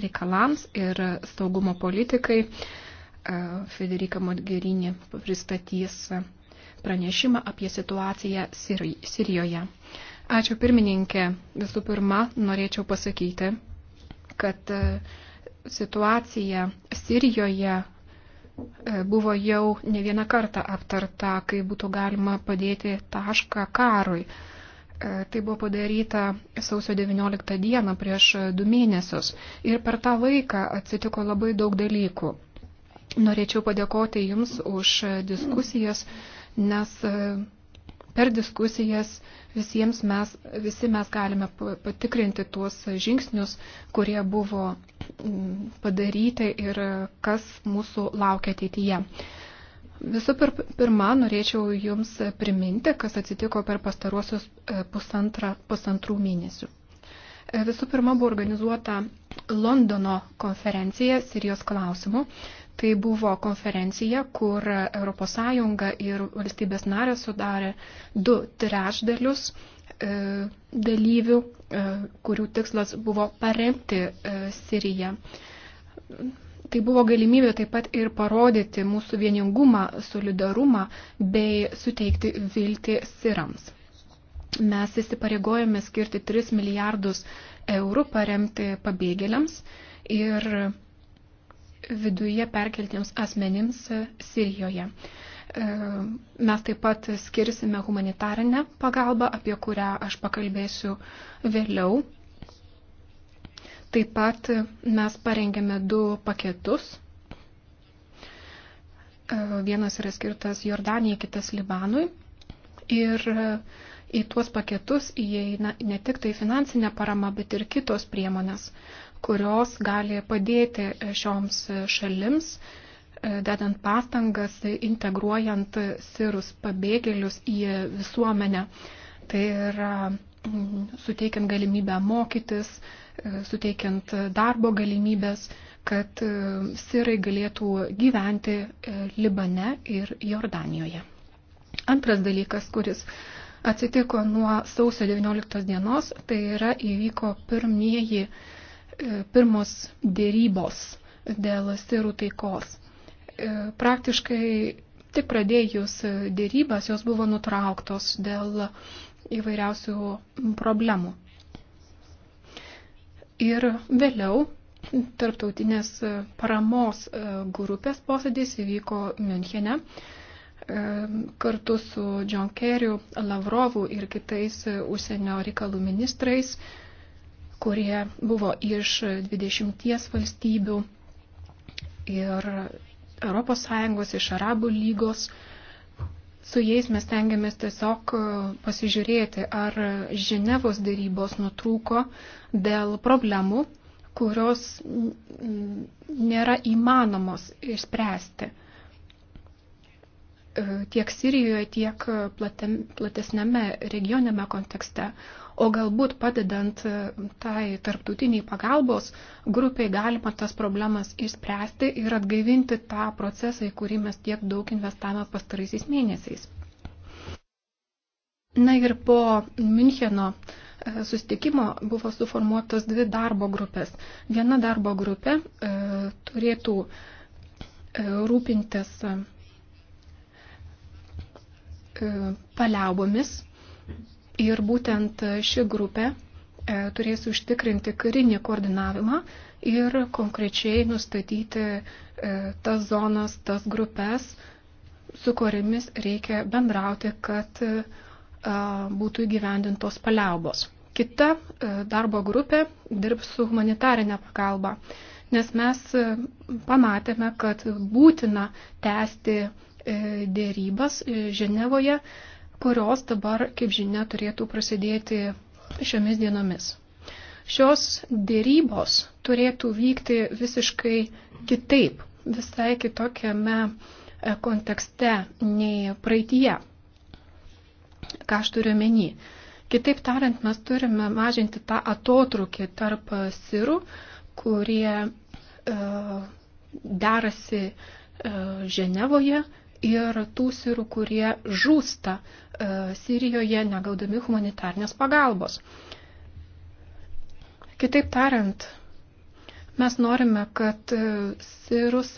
reikalams ir saugumo politikai. E, Federika Modgerini pristatys pranešimą apie situaciją Sirijoje. Ačiū pirmininkė. Visų pirma, norėčiau pasakyti, kad e, situacija Sirijoje e, buvo jau ne vieną kartą aptarta, kai būtų galima padėti tašką karui. E, tai buvo padaryta sausio 19 dieną prieš du mėnesius ir per tą laiką atsitiko labai daug dalykų. Norėčiau padėkoti Jums už diskusijas, nes e, per diskusijas visiems mes, visi mes galime patikrinti tuos žingsnius, kurie buvo padaryti ir e, kas mūsų laukia ateityje. Visų pir, pirma, norėčiau Jums priminti, kas atsitiko per pastaruosius e, pusantra, pusantrų mėnesių. E, visų pirma, buvo organizuota Londono konferencija Sirijos klausimų. Tai buvo konferencija, kur ES ir valstybės narė sudarė du trešdalius e, dalyvių, kurių tikslas buvo paremti Siriją Tai buvo galimybė taip pat ir parodyti mūsų vieningumą, solidarumą bei suteikti viltį sirams. Mes įsipareigojame skirti 3 milijardus eurų paremti pabėgėliams ir viduje perkeltiems asmenims Sirijoje. E, mes taip pat skirsime humanitarinę pagalbą, apie kurią aš pakalbėsiu vėliau. Taip pat mes parengėme du paketus. Vienas yra skirtas Jordanijai, kitas Libanui. Ir į tuos paketus įeina ne tik tai finansinė parama, bet ir kitos priemonės, kurios gali padėti šioms šalims, dedant pastangas, integruojant sirus pabėgėlius į visuomenę. Tai yra mm, suteikiant galimybę mokytis, E, suteikiant darbo galimybės, kad e, sirai galėtų gyventi e, Libane ir Jordanijoje. Antras dalykas, kuris atsitiko nuo sausio 19 dienos, tai yra įvyko pirmieji, pirmos dėrybos dėl sirų taikos. Praktiškai tik pradėjus dėrybas jos buvo nutrauktos dėl įvairiausių problemų. Ir vėliau tarptautinės e, paramos e, grupės posėdis įvyko Münchene e, kartu su John Kerriu, Lavrovu ir kitais užsienio reikalų ministrais, kurie buvo iš 20 valstybių ir ES, iš Arabų lygos Su jais mes tengiamės tiesiog e, pasižiūrėti, ar Ženevos dėrybos nutrūko dėl problemų, kurios nėra įmanomos išspręsti tiek Sirijoje, tiek platesnėme regioniame kontekste, o galbūt padedant e, tai tarptautiniai pagalbos grupiai galima tas problemas išspręsti ir atgaivinti tą procesą, į kurį mes tiek daug investavome pastaraisiais mėnesiais. Na ir po Müncheno e, sustikimo buvo suformuotos dvi darbo grupės. Viena darbo grupė e, turėtų e, rūpintis e, E, paliaubomis ir būtent ši grupė e, turės užtikrinti karinį koordinavimą ir konkrečiai nustatyti e, tas zonas, tas grupės, su kuriamis reikia bendrauti, kad būtų įgyvendintos paliaubos. Kita darbo grupė dirbs su humanitarinė pagalba, nes mes pamatėme, kad būtina tęsti E, dėrybas e, Ženevoje, kurios dabar, kaip žinia, turėtų prasidėti šiomis dienomis. Šios dėrybos turėtų vykti visiškai kitaip, visai kitokiame e, kontekste nei praeitie. Ką aš turiu menį? Kitaip tariant, mes turime mažinti tą atotrukį tarp sirų, kurie e, derasi e, Ženevoje ir tų sirų, kurie žūsta e, Sirijoje negaudami humanitarnės pagalbos. Kitaip tariant, mes norime, kad e, sirus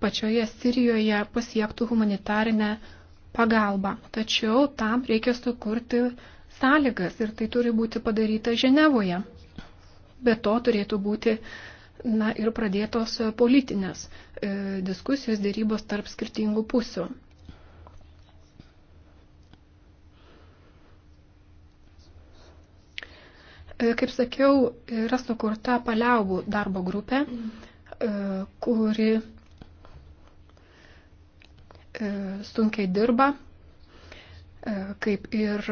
pačioje Sirijoje pasiektų humanitarinę pagalbą. Tačiau tam reikia sukurti sąlygas ir tai turi būti padaryta Ženevoje. Be to turėtų būti uh, na ir pradėtos e, politinės e, diskusijos dėrybos tarp skirtingų pusių. E, kaip sakiau, yra sukurta paliaubų darbo grupė, kuri sunkiai dirba, kaip ir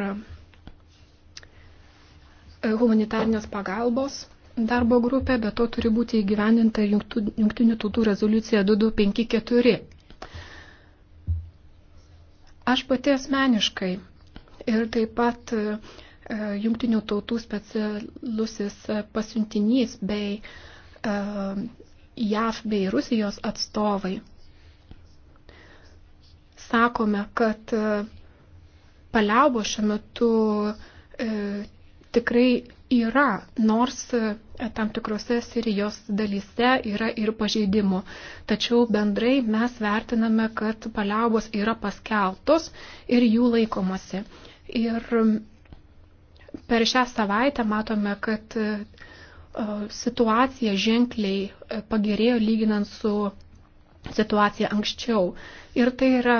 humanitarnės pagalbos darbo grupė, bet to turi būti įgyvendinta jungtinių tautų rezoliucija 2254. Aš pati asmeniškai ir taip pat e, jungtinių tautų specialusis pasiuntinys bei e, JAV bei Rusijos atstovai sakome, kad e, paliaubo šiuo metu e, tikrai yra, nors e, tam tikrose Sirijos dalyse yra ir pažeidimų. Tačiau bendrai mes vertiname, kad paliaubos yra paskeltos ir jų laikomasi. Ir per šią savaitę matome, kad e, situacija ženkliai e, pagerėjo lyginant su situacija anksčiau. Ir tai yra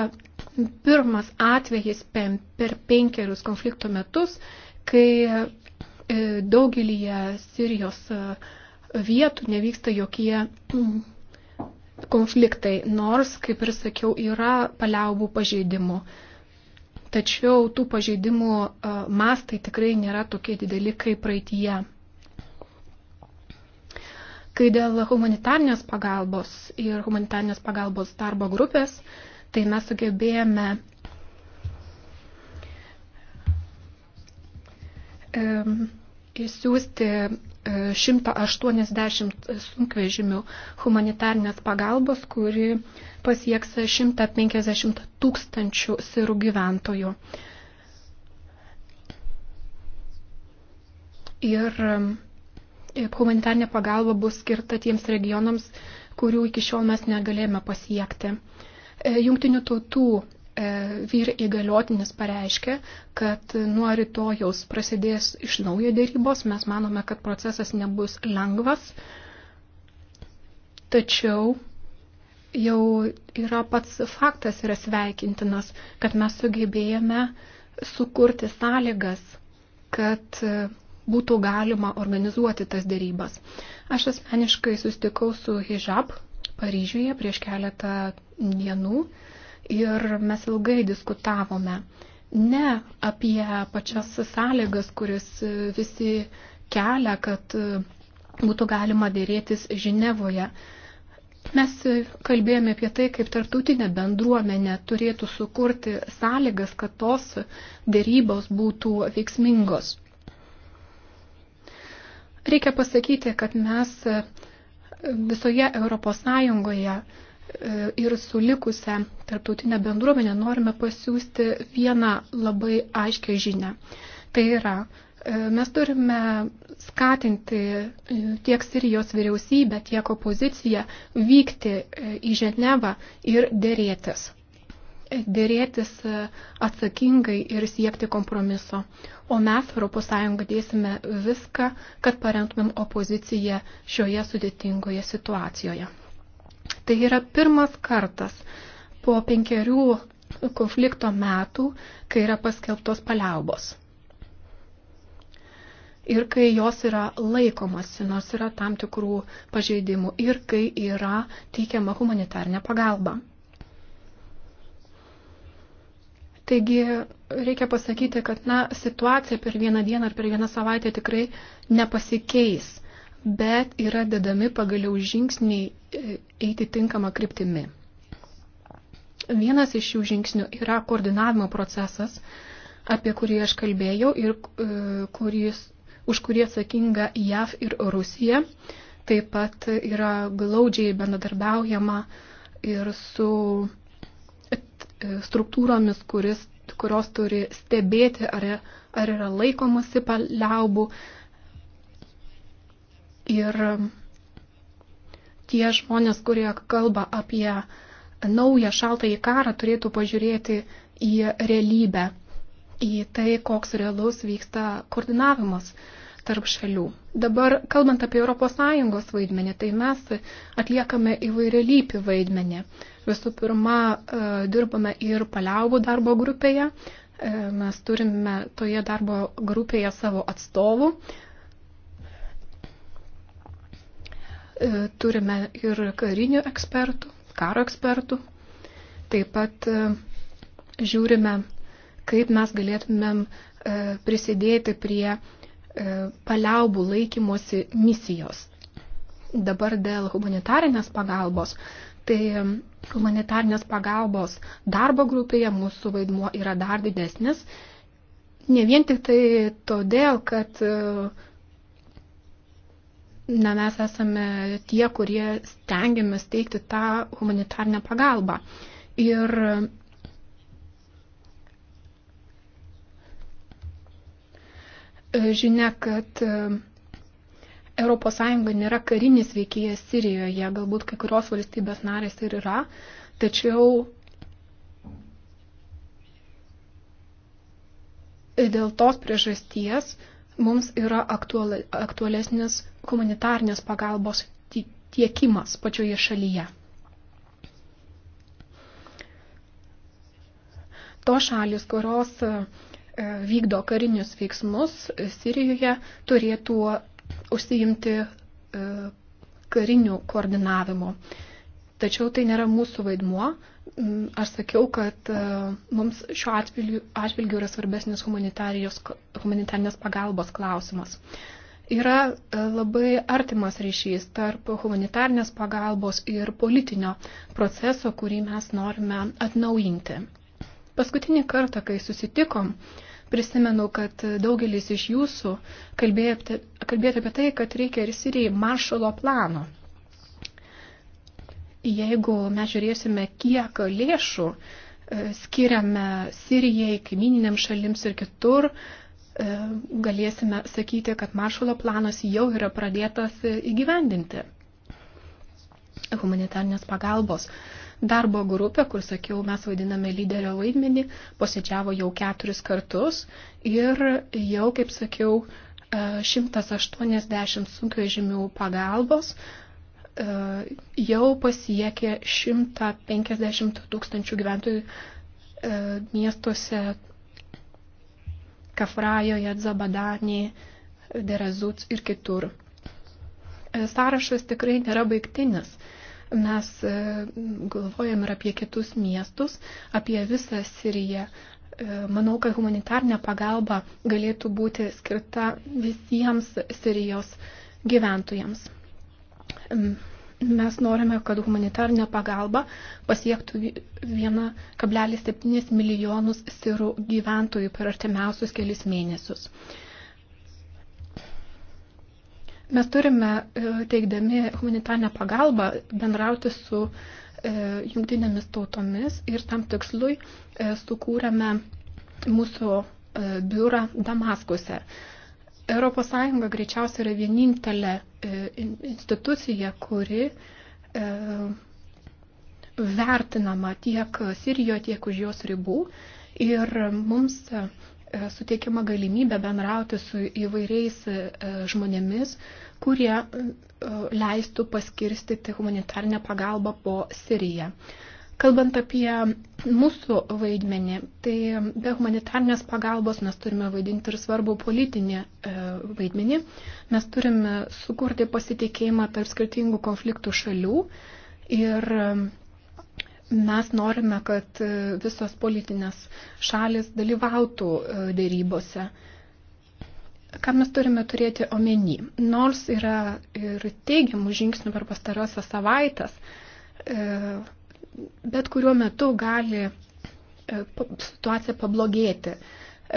pirmas atvejis per penkerius konflikto metus, kai E, daugelįje Sirijos e, vietų nevyksta jokie mm, konfliktai, nors, kaip ir sakiau, yra paliaubų pažeidimų. Tačiau tų pažeidimų e, mastai tikrai nėra tokie dideli kaip praeitie. Kai dėl humanitarnės pagalbos ir humanitarnės pagalbos darbo grupės, tai mes sugebėjome um, išsiųsti 180 e, sunkvežimių humanitarnės pagalbos, kuri pasieks 150 tūkstančių sirų gyventojų. Ir e, humanitarnė pagalba bus skirta tiems regionams, kurių iki šiol mes negalėjome pasiekti. E, Jungtinių tautų E, vyr įgaliotinis pareiškė, kad nuo rytojaus prasidės iš naujo dėrybos. Mes manome, kad procesas nebus lengvas, tačiau jau yra pats faktas yra sveikintinas, kad mes sugebėjome sukurti sąlygas, kad būtų galima organizuoti tas dėrybas. Aš asmeniškai sustikau su Hijab Paryžiuje prieš keletą dienų ir mes ilgai diskutavome ne apie pačias sąlygas, kuris visi kelia, kad būtų galima dėrėtis Ženevoje. Mes kalbėjome apie tai, kaip tartutinė bendruomenė turėtų sukurti sąlygas, kad tos dėrybos būtų veiksmingos. Reikia pasakyti, kad mes visoje Europos Sąjungoje E, ir su likusią tarptautinę bendruomenę norime pasiūsti vieną labai aiškę žinę. Tai yra, e, mes turime skatinti e, tiek Sirijos vyriausybę, tiek opoziciją vykti į Ženevą ir dėrėtis. Dėrėtis atsakingai ir siekti kompromiso. O mes, ES, dėsime viską, kad paremtumėm opoziciją šioje sudėtingoje situacijoje. Tai yra pirmas kartas po penkerių konflikto metų, kai yra paskelbtos paliaubos. Ir kai jos yra laikomasi, nors yra tam tikrų pažeidimų, ir kai yra teikiama humanitarnė pagalba. Taigi reikia pasakyti, kad na, situacija per vieną dieną ar per vieną savaitę tikrai nepasikeis bet yra dedami pagaliau žingsniai e, eiti tinkamą kryptimi. Vienas iš šių žingsnių yra koordinavimo procesas, apie kurį aš kalbėjau ir e, kuris, už kurį atsakinga JAV ir Rusija. Taip pat yra glaudžiai bendradarbiaujama ir su e, struktūromis, kuris, kurios turi stebėti, ar, ar yra laikomasi paliaubų, Ir tie žmonės, kurie kalba apie naują šaltąjį karą, turėtų pažiūrėti į realybę, į tai, koks realus vyksta koordinavimas tarp šalių. Dabar, kalbant apie ES vaidmenį, tai mes atliekame įvairialypį vaidmenį. Visų pirma, e, dirbame ir paliaubų darbo grupėje. E, mes turime toje darbo grupėje savo atstovų, E, turime ir karinių ekspertų, karo ekspertų. Taip pat e, žiūrime, kaip mes galėtumėm e, prisidėti prie paliaubų laikymosi misijos. Dabar dėl humanitarinės pagalbos. Tai humanitarnės pagalbos darbo grupėje mūsų vaidmuo yra dar didesnis. Ne vien tik tai todėl, kad uh, na, mes esame tie, kurie stengiamės teikti tą humanitarnę pagalbą. Ir žinia, kad ES nėra karinis veikėjas Sirijoje, galbūt kai kurios valstybės narės ir yra, tačiau dėl tos priežasties mums yra aktual, aktualesnis humanitarnės pagalbos tiekimas pačioje šalyje. To šalis, kurios e, vykdo karinius veiksmus Sirijoje, turėtų užsiimti e, karinių koordinavimo. Tačiau tai nėra mūsų vaidmuo, Mm, aš sakiau, kad e, mums šiuo atvilgiu, atvilgiu yra svarbesnis humanitarinės pagalbos klausimas. Yra e, labai artimas ryšys tarp humanitarnės pagalbos ir politinio proceso, kurį mes norime atnaujinti. Paskutinį kartą, kai susitikom, prisimenu, kad daugelis iš jūsų kalbėjote, kalbėjote apie tai, kad reikia ir Sirijai maršalo plano Jeigu mes žiūrėsime, kiek lėšų e, skiriame Sirijai, kaimininiam šalims ir kitur, e, galėsime sakyti, kad maršalo planas jau yra pradėtas e, įgyvendinti humanitarnės pagalbos. Darbo grupė, kur sakiau, mes vaidiname lyderio vaidmenį, posėdžiavo jau keturis kartus ir jau, kaip sakiau, 180 sunkvežimių pagalbos E, jau pasiekė 150 tūkstančių gyventojų e, miestuose Kafrajoje, Zabadanėje, Derazuts ir kitur. E, sąrašas tikrai nėra baigtinis. Mes galvojam ir apie kitus miestus, apie visą Siriją. Manau, kad humanitarnė pagalba galėtų būti skirta visiems Sirijos gyventojams. Mm, mes norime, kad humanitarinė pagalba pasiektų 1,7 milijonus sirų gyventojų per artimiausius kelis mėnesius. Mes turime, e, teikdami humanitarinę pagalbą, bendrauti su e, jungtinėmis tautomis ir tam tikslui e, sukūrėme mūsų biurą Damaskuse. ES greičiausiai yra vienintelė e, institucija, kuri e, vertinama tiek Sirijoje, tiek už jos ribų. Ir mums e, suteikiama galimybė bendrauti su įvairiais žmonėmis, kurie leistų paskirstyti humanitarinę pagalbą po Siriją. Kalbant apie mūsų vaidmenį, tai be humanitarnės pagalbos mes turime vaidinti ir svarbu politinį e, vaidmenį. Mes turime sukurti pasitikėjimą tarp skirtingų konfliktų šalių ir e, mes norime, kad e, visos politinės šalis dalyvautų dėrybose ką mes turime turėti omeny. Nors yra ir teigiamų žingsnių per pastarosios savaitės, bet kuriuo metu gali e, situacija pablogėti.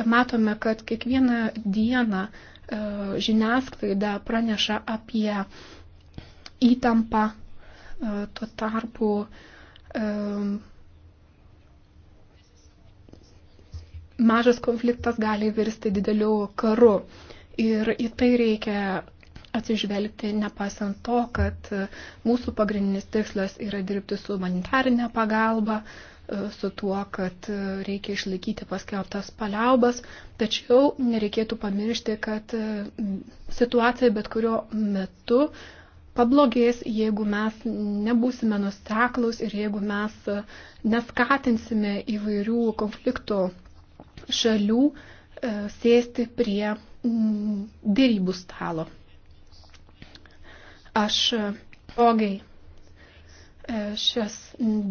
Matome, kad kiekvieną dieną e, žiniasklaida praneša apie įtampą, e, tuo tarpu mažas konfliktas gali virsti dideliu karu. Ir į tai reikia atsižvelgti, nepasant to, kad e, mūsų pagrindinis tikslas yra dirbti su humanitarinė pagalba, e, su tuo, kad e, reikia išlaikyti paskelbtas paliaubas, tačiau nereikėtų pamiršti, kad situacija bet kurio metu pablogės, jeigu mes nebūsime nusteklus ir jeigu mes neskatinsime įvairių konflikto šalių sėsti prie dėrybų stalo. Aš e, progai e, šias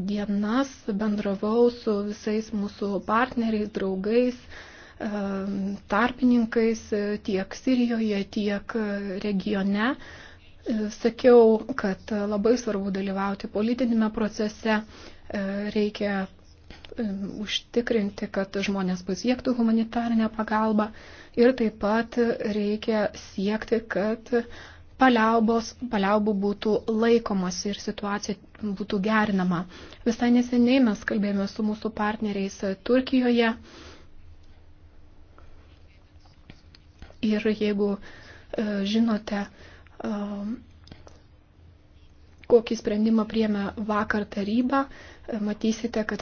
dienas bendravau su visais mūsų partneriais, draugais, e, tarpininkais tiek Sirijoje, tiek regione. Sakiau, kad labai svarbu dalyvauti politinėme procese, reikia užtikrinti, kad žmonės pasiektų humanitarinę pagalbą ir taip pat reikia siekti, kad paliaubos, paliaubų būtų laikomas ir situacija būtų gerinama. Visai neseniai mes kalbėjome su mūsų partneriais Turkijoje. Ir jeigu e, žinote, e, kokį sprendimą priemė vakar taryba, e, matysite, kad ES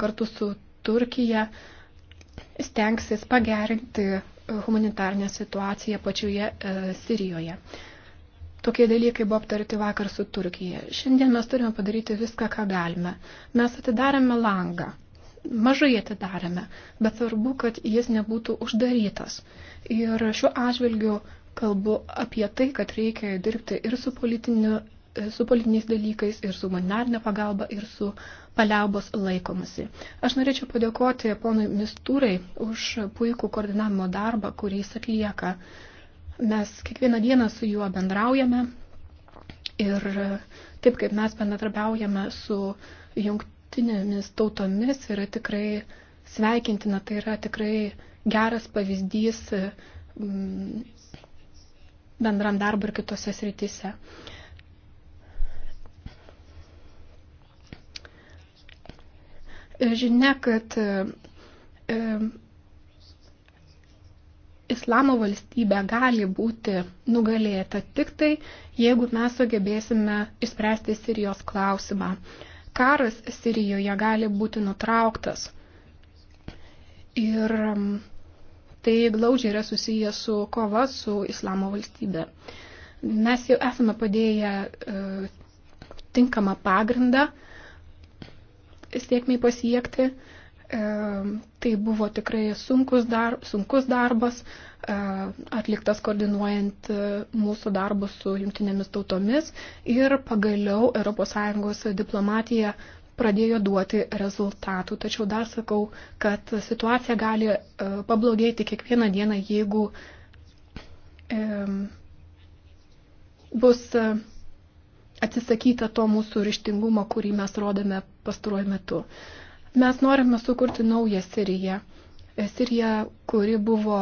kartu su Turkija stengsis pagerinti humanitarnę situaciją pačioje e, Sirijoje. Tokie dalykai buvo aptarti vakar su Turkija. Šiandien mes turime padaryti viską, ką galime. Mes atidarėme langą. Mažai atidarėme, bet svarbu, kad jis nebūtų uždarytas. Ir šiuo atžvilgiu kalbu apie tai, kad reikia dirbti ir su, e, su politiniais dalykais, ir su humanitarnė pagalba, ir su uh, paliaubos laikomasi. Aš norėčiau padėkoti ponui Mistūrai už puikų koordinavimo darbą, kurį jis atlieka. Mes kiekvieną dieną su juo bendraujame ir taip kaip mes bendradarbiaujame su jungtinėmis tautomis yra tikrai sveikintina, tai yra tikrai geras pavyzdys mm, bendram darbui ir kitose srityse. E, žinia, kad e, e, islamo valstybė gali būti nugalėta tik tai, jeigu mes sugebėsime išspręsti Sirijos klausimą. Karas Sirijoje gali būti nutrauktas. Ir tai glaudžiai yra susiję su kova su islamo valstybė. Mes jau esame padėję e, tinkamą pagrindą e, sėkmiai pasiekti. E, tai buvo tikrai sunkus, dar, sunkus darbas, e, atliktas koordinuojant e, mūsų darbus su jungtinėmis tautomis ir pagaliau ES diplomatija pradėjo duoti rezultatų. Tačiau dar sakau, kad situacija gali pablogėti kiekvieną dieną, jeigu bus atsisakyta to mūsų ryštingumo, kurį mes rodome pastaruoju metu. Mes norime sukurti naują Siriją. Siriją, kuri buvo,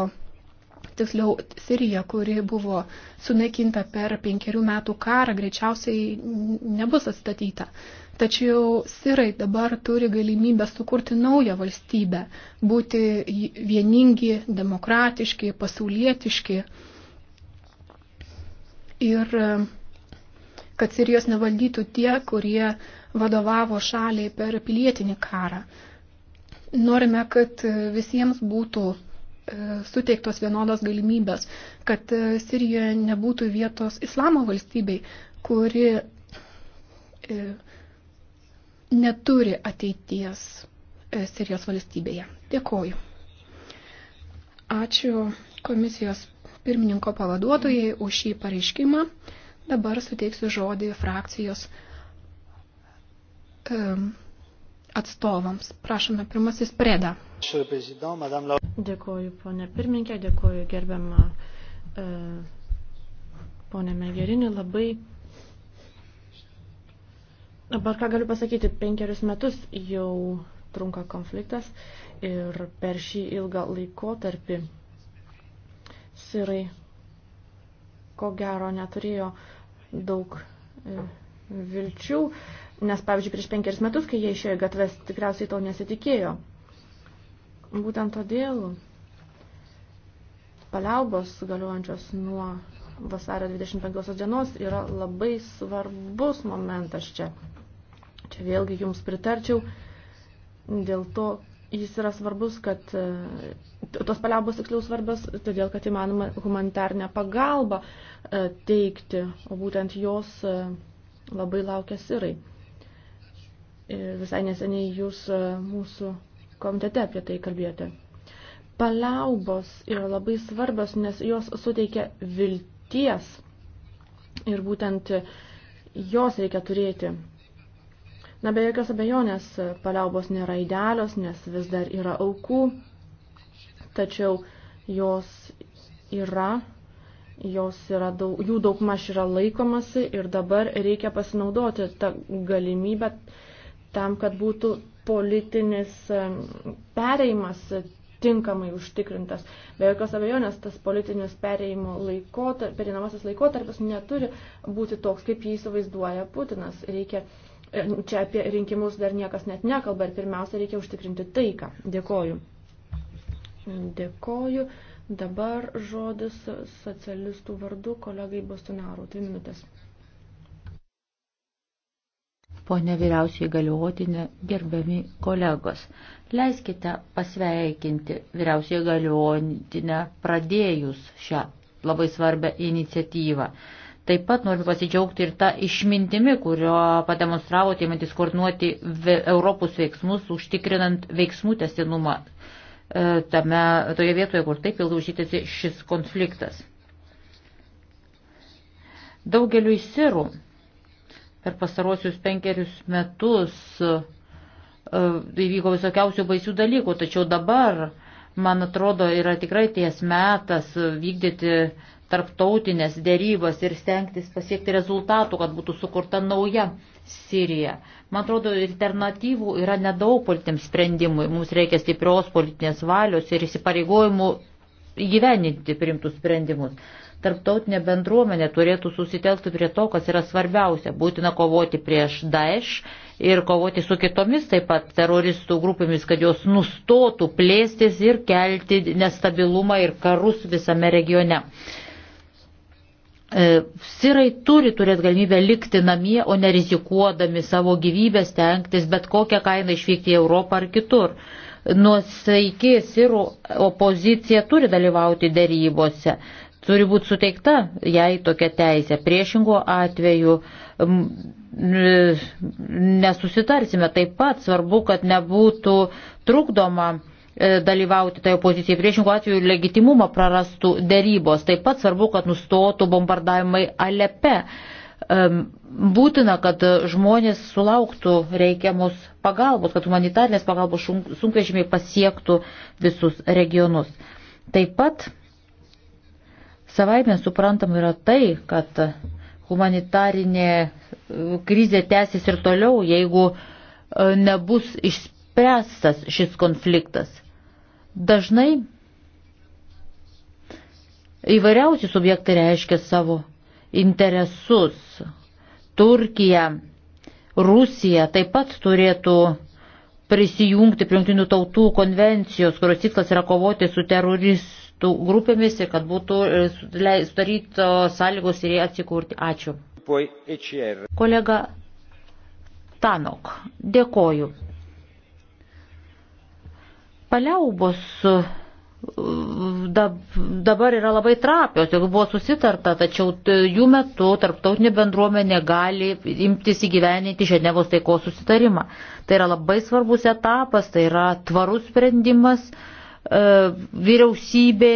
tiksliau, Sirija, kuri buvo sunaikinta per penkerių metų karą, greičiausiai nebus atstatyta. Tačiau sirai dabar turi galimybę sukurti naują valstybę, būti vieningi, demokratiški, pasaulietiški. Ir kad Sirijos nevaldytų tie, kurie vadovavo šaliai per pilietinį karą. Norime, kad visiems būtų e, suteiktos vienodos galimybės, kad e, Sirijoje nebūtų vietos islamo valstybei, kuri e, neturi ateities Sirijos valstybėje. Dėkoju. Ačiū komisijos pirmininko pavaduotojai už šį pareiškimą. Dabar suteiksiu žodį frakcijos um, atstovams. Prašome, pirmasis preda. Dėkuoju, ponė pirmininkė, dėkuoju gerbiamą e, ponė Megerinį. Labai Dabar ką galiu pasakyti, penkerius metus jau trunka konfliktas ir per šį ilgą laikotarpį sirai ko gero neturėjo uh, daug e, vilčių, nes, pavyzdžiui, prieš penkeris metus, kai jie išėjo į gatves, tikriausiai to nesitikėjo. Būtent todėl paliaubos galiuojančios nuo vasario 25 dienos yra labai svarbus momentas čia. Čia vėlgi jums pritarčiau, dėl to jis yra svarbus, kad e, tos paliaubos tiksliau svarbios, todėl kad įmanoma humanitarnę pagalbą e, teikti, o būtent jos e, labai laukia sirai. Ir e, visai neseniai jūs mūsų komitete apie tai kalbėjote. Paliaubos yra labai svarbios, nes jos suteikia vilties ir būtent jos reikia turėti. Na, be jokios abejonės, paliaubos nėra idealios, nes vis dar yra aukų, tačiau jos yra, jos yra daug, jų daugmaž yra laikomasi ir dabar reikia pasinaudoti tą galimybę tam, kad būtų politinis pereimas tinkamai užtikrintas. Be jokios abejonės tas politinis pereimo laikotarpis, pereinamasis laikotarpis neturi būti toks, kaip jį įsivaizduoja Putinas. Reikia, čia apie rinkimus dar niekas net nekalba ir pirmiausia reikia užtikrinti taiką. Dėkoju. Dėkoju. Dabar žodis socialistų vardu kolegai Bostinarų. Dvi minutės. Pone vyriausiai galiuotinė, gerbiami kolegos, leiskite pasveikinti vyriausiai galiuotinę pradėjus šią labai svarbę iniciatyvą. Taip pat noriu pasidžiaugti ir tą išmintimi, kurio pademonstravote, imantis koordinuoti Europos veiksmus, užtikrinant veiksmų tesinumą E, tame, toje vietoje, kur taip ilgai užytėsi šis konfliktas. Daugeliu įsirų per pastarosius penkerius metus e, įvyko visokiausių baisių dalykų, tačiau dabar man atrodo, yra tikrai ties metas vykdyti tarptautinės dėrybas ir stengtis pasiekti rezultatų, kad būtų sukurta nauja Sirija. Man atrodo, alternatyvų yra nedaug politiniam sprendimui. Mums reikia stiprios politinės valios ir įsipareigojimų įgyveninti primtus sprendimus tarptautinė bendruomenė turėtų susitelkti prie to, kas yra svarbiausia. Būtina kovoti prieš Daesh ir kovoti su kitomis taip pat teroristų grupėmis, kad jos nustotų plėstis ir kelti nestabilumą ir karus visame regione. E, sirai turi turėti galimybę likti namie, o nerizikuodami savo gyvybę stengtis bet kokią kainą išvykti į Europą ar kitur. Nuosaikė sirų opozicija turi dalyvauti dėrybose turi būti suteikta jai tokia teisė. Priešingo atveju nesusitarsime. Taip pat svarbu, kad nebūtų trukdoma e, dalyvauti toje pozicijoje. Priešingų atveju legitimumą prarastų dėrybos. Taip pat svarbu, kad nustotų bombardavimai Alepe. E, būtina, kad žmonės sulauktų reikiamus pagalbos, kad humanitarnės pagalbos sunkvežimiai pasiektų visus regionus. Taip pat Savaime suprantam yra tai, kad humanitarinė e, krizė tęsis ir toliau, jeigu e, nebus išspręstas šis konfliktas. Dažnai įvairiausi subjektai reiškia savo interesus. Turkija, Rusija taip pat turėtų prisijungti prie jungtinių tautų konvencijos, kurios tikslas yra kovoti su terorizmu migrantų grupėmis ir kad būtų e, sudarytos sąlygos ir jie atsikurti. Ačiū. E Kolega Tanok, dėkoju. Paliaubos e, dabar yra labai trapios, jeigu buvo susitarta, tačiau jų metu tarptautinė bendruomenė gali imtis įgyveninti Ženevos taikos susitarimą. Tai yra labai svarbus etapas, tai yra tvarus sprendimas vyriausybė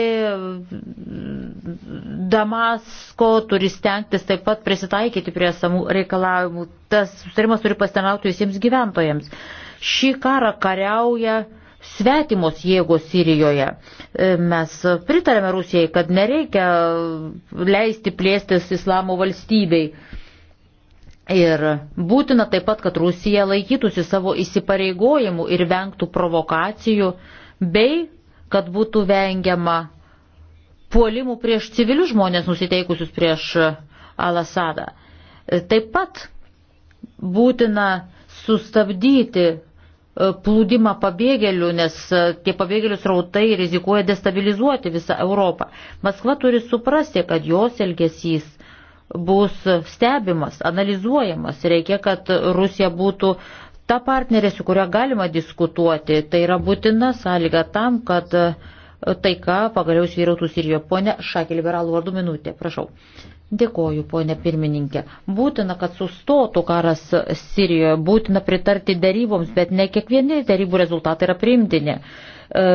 Damasko turi stengtis taip pat prisitaikyti prie samų reikalavimų. Tas sustarimas turi pasitarnauti visiems gyventojams. Šį karą kariauja svetimos jėgos Sirijoje. E, mes pritarėme Rusijai, kad nereikia leisti plėstis islamo valstybei. Ir būtina taip pat, kad Rusija laikytųsi savo įsipareigojimų ir vengtų provokacijų bei kad būtų vengiama puolimų prieš civilius žmonės nusiteikusius prieš e, Alasadą. E, taip pat būtina sustabdyti e, plūdimą pabėgėlių, nes tie pabėgėlių srautai rizikuoja destabilizuoti visą Europą. Maskva turi suprasti, kad jos elgesys bus stebimas, analizuojamas. Reikia, kad Rusija būtų uh, ta partnerė, su kuria galima diskutuoti, tai yra būtina sąlyga tam, kad e, taika pagaliau įsivyrautų Sirijoje. Pone Šakė, liberalų vardu minutė, prašau. Dėkoju, ponė pirmininkė. Būtina, kad sustotų karas Sirijoje, būtina pritarti daryboms, bet ne kiekvieni darybų rezultatai yra priimtini. E,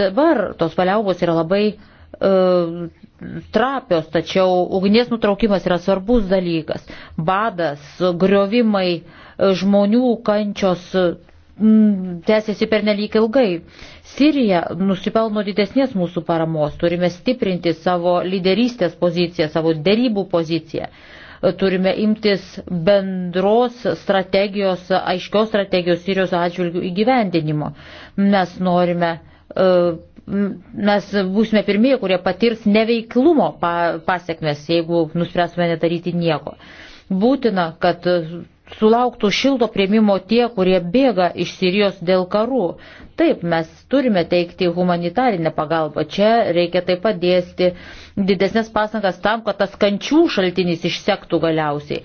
dabar tos paliaubos yra labai trapios, tačiau ugnies nutraukimas yra svarbus dalykas. Badas, griovimai, žmonių kančios mm, tęsiasi pernelyg ilgai. Sirija nusipelno didesnės mūsų paramos, turime stiprinti savo lyderystės poziciją, savo dėrybų poziciją. Turime imtis bendros strategijos, aiškios strategijos Sirijos atžvilgių įgyvendinimo. Mes norime E, mes būsime pirmieji, kurie patirs neveiklumo pasiekmes, jeigu nuspręsime nedaryti nieko. Būtina, kad sulauktų šilto prieimimo tie, kurie bėga iš Sirijos dėl karų. Taip, mes turime teikti humanitarinę pagalbą. Čia reikia taip pat dėsti didesnės pasangas tam, kad tas kančių šaltinis išsektų galiausiai.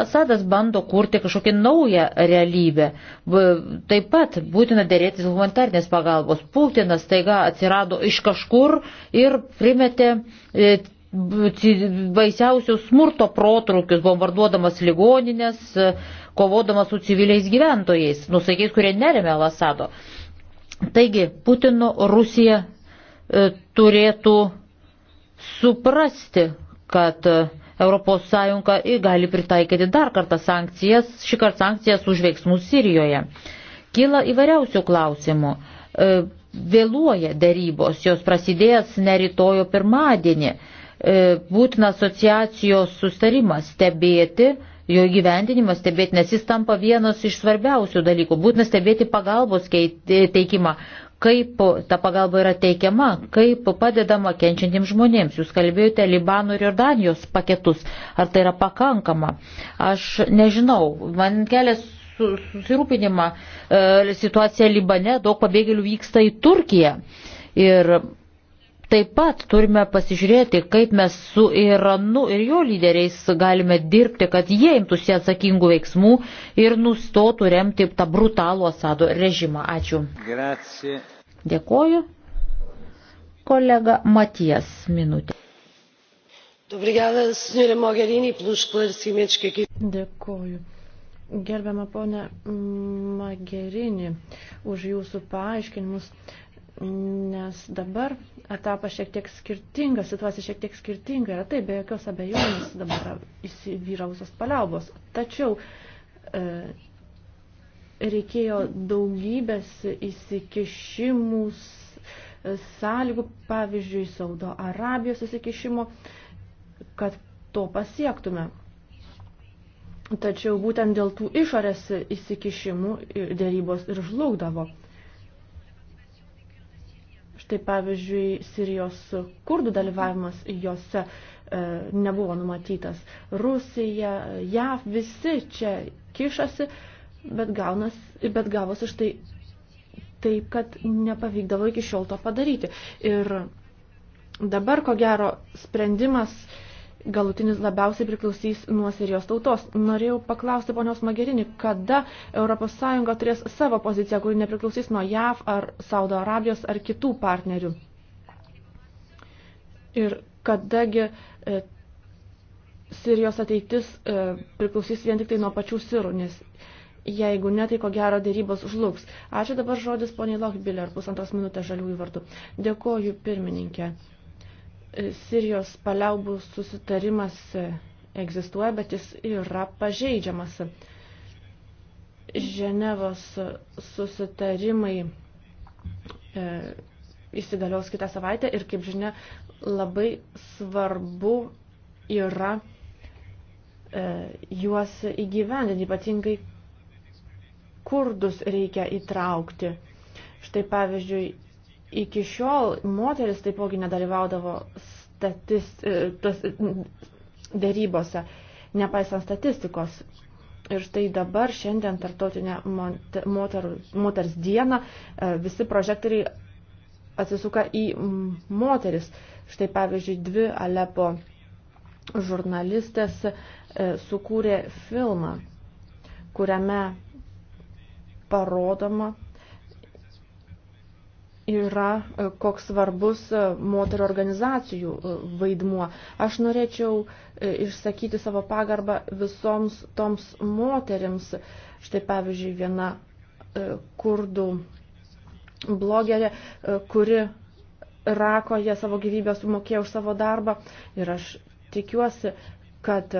Asadas bando kurti kažkokią naują realybę. Taip pat būtina dėrėtis humanitarnės pagalbos. Putinas taiga atsirado iš kažkur ir primetė e, baisiausius smurto protrukius, bombarduodamas ligoninės, e, kovodamas su civiliais gyventojais, nusakiais, kurie neremia Asado. Taigi, Putino Rusija e, turėtų suprasti, kad ES gali pritaikyti dar kartą sankcijas, šį kartą sankcijas už veiksmus Sirijoje. Kyla įvairiausių klausimų. E, vėluoja dėrybos, jos prasidėjęs neritojo pirmadienį. E, būtina asociacijos sustarimas stebėti, jo gyvendinimas stebėti, nes jis tampa vienas iš svarbiausių dalykų. Būtina stebėti pagalbos teikimą, kaip ta pagalba yra teikiama, kaip padedama kenčiantiems žmonėms. Jūs kalbėjote Libano ir Jordanijos paketus, ar tai yra pakankama. Aš nežinau, man kelias susirūpinimą e, situacija Libane, daug pabėgėlių vyksta į Turkiją. Ir Taip pat turime pasižiūrėti, kaip mes su Iranu ir jo lyderiais galime dirbti, kad jie imtųsi atsakingų veiksmų ir nustotų remti tą brutalų Asado režimą. Ačiū. Grazie. Dėkoju. Kolega Matijas, minutė. Obrigada, senhora Mogherini, pelos esclarecimentos que aqui. Dėkoju. Gerbiama ponė Magerini, už jūsų paaiškinimus nes dabar etapas šiek tiek skirtingas, situacija šiek tiek skirtinga yra taip, be jokios abejonės dabar įsivyravusios paliaubos. Tačiau e, reikėjo daugybės įsikišimų e, sąlygų, pavyzdžiui, Saudo Arabijos įsikišimo, kad to pasiektume. Tačiau būtent dėl tų išorės įsikišimų dėrybos ir žlugdavo. Štai pavyzdžiui, Sirijos kurdų dalyvavimas jose e, nebuvo numatytas. Rusija, JAV, visi čia kišasi, bet, gaunas, bet gavosi štai taip, kad nepavykdavo iki šiol to padaryti. Ir dabar, ko gero, sprendimas uh, galutinis labiausiai priklausys nuo Sirijos tautos. Norėjau paklausti ponios Magerinį, kada ES turės savo poziciją, kuri nepriklausys nuo JAV ar Saudo Arabijos ar kitų partnerių. Ir kadagi e, Sirijos ateitis e, priklausys vien tik tai nuo pačių sirų, nes jeigu ne, tai ko gero dėrybos žlugs. Ačiū dabar žodis poniai Lochbiller, pusantros minutės žaliųjų vardų. Dėkoju pirmininkė. Sirijos paliaubų susitarimas egzistuoja, bet jis yra pažeidžiamas. Ženevos susitarimai e, įsigalios kitą savaitę ir, kaip žinia, labai svarbu yra e, juos įgyvendinti, ypatingai kurdus reikia įtraukti. Štai pavyzdžiui, Iki šiol moteris taipogi nedalyvaudavo statist, e, tas, dėrybose, nepaisant statistikos. Ir štai dabar, šiandien, tarptautinę moter, moters dieną, e, visi prožektoriai atsisuka į moteris. Štai pavyzdžiui, dvi Alepo žurnalistės e, sukūrė filmą, kuriame parodoma yra e, koks svarbus e, moterio organizacijų e, vaidmuo. Aš norėčiau išsakyti savo pagarbą visoms toms moterims. Štai pavyzdžiui, viena kurdų blogerė, kuri rakoje savo gyvybę sumokėjo už savo darbą. Ir aš tikiuosi, kad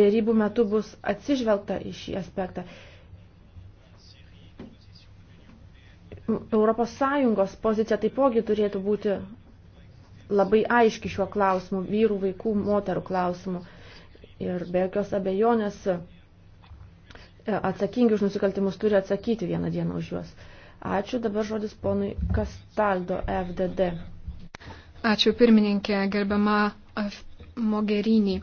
dėrybų metu bus atsižvelgta į šį aspektą. ES pozicija taipogi turėtų būti labai aiški šiuo klausimu, vyrų, vaikų, moterų klausimu. Ir be jokios abejonės e, atsakingi už nusikaltimus turi atsakyti vieną dieną už juos. Ačiū, dabar žodis ponui Kastaldo FDD. Ačiū pirmininkė, gerbiama Mogerinį.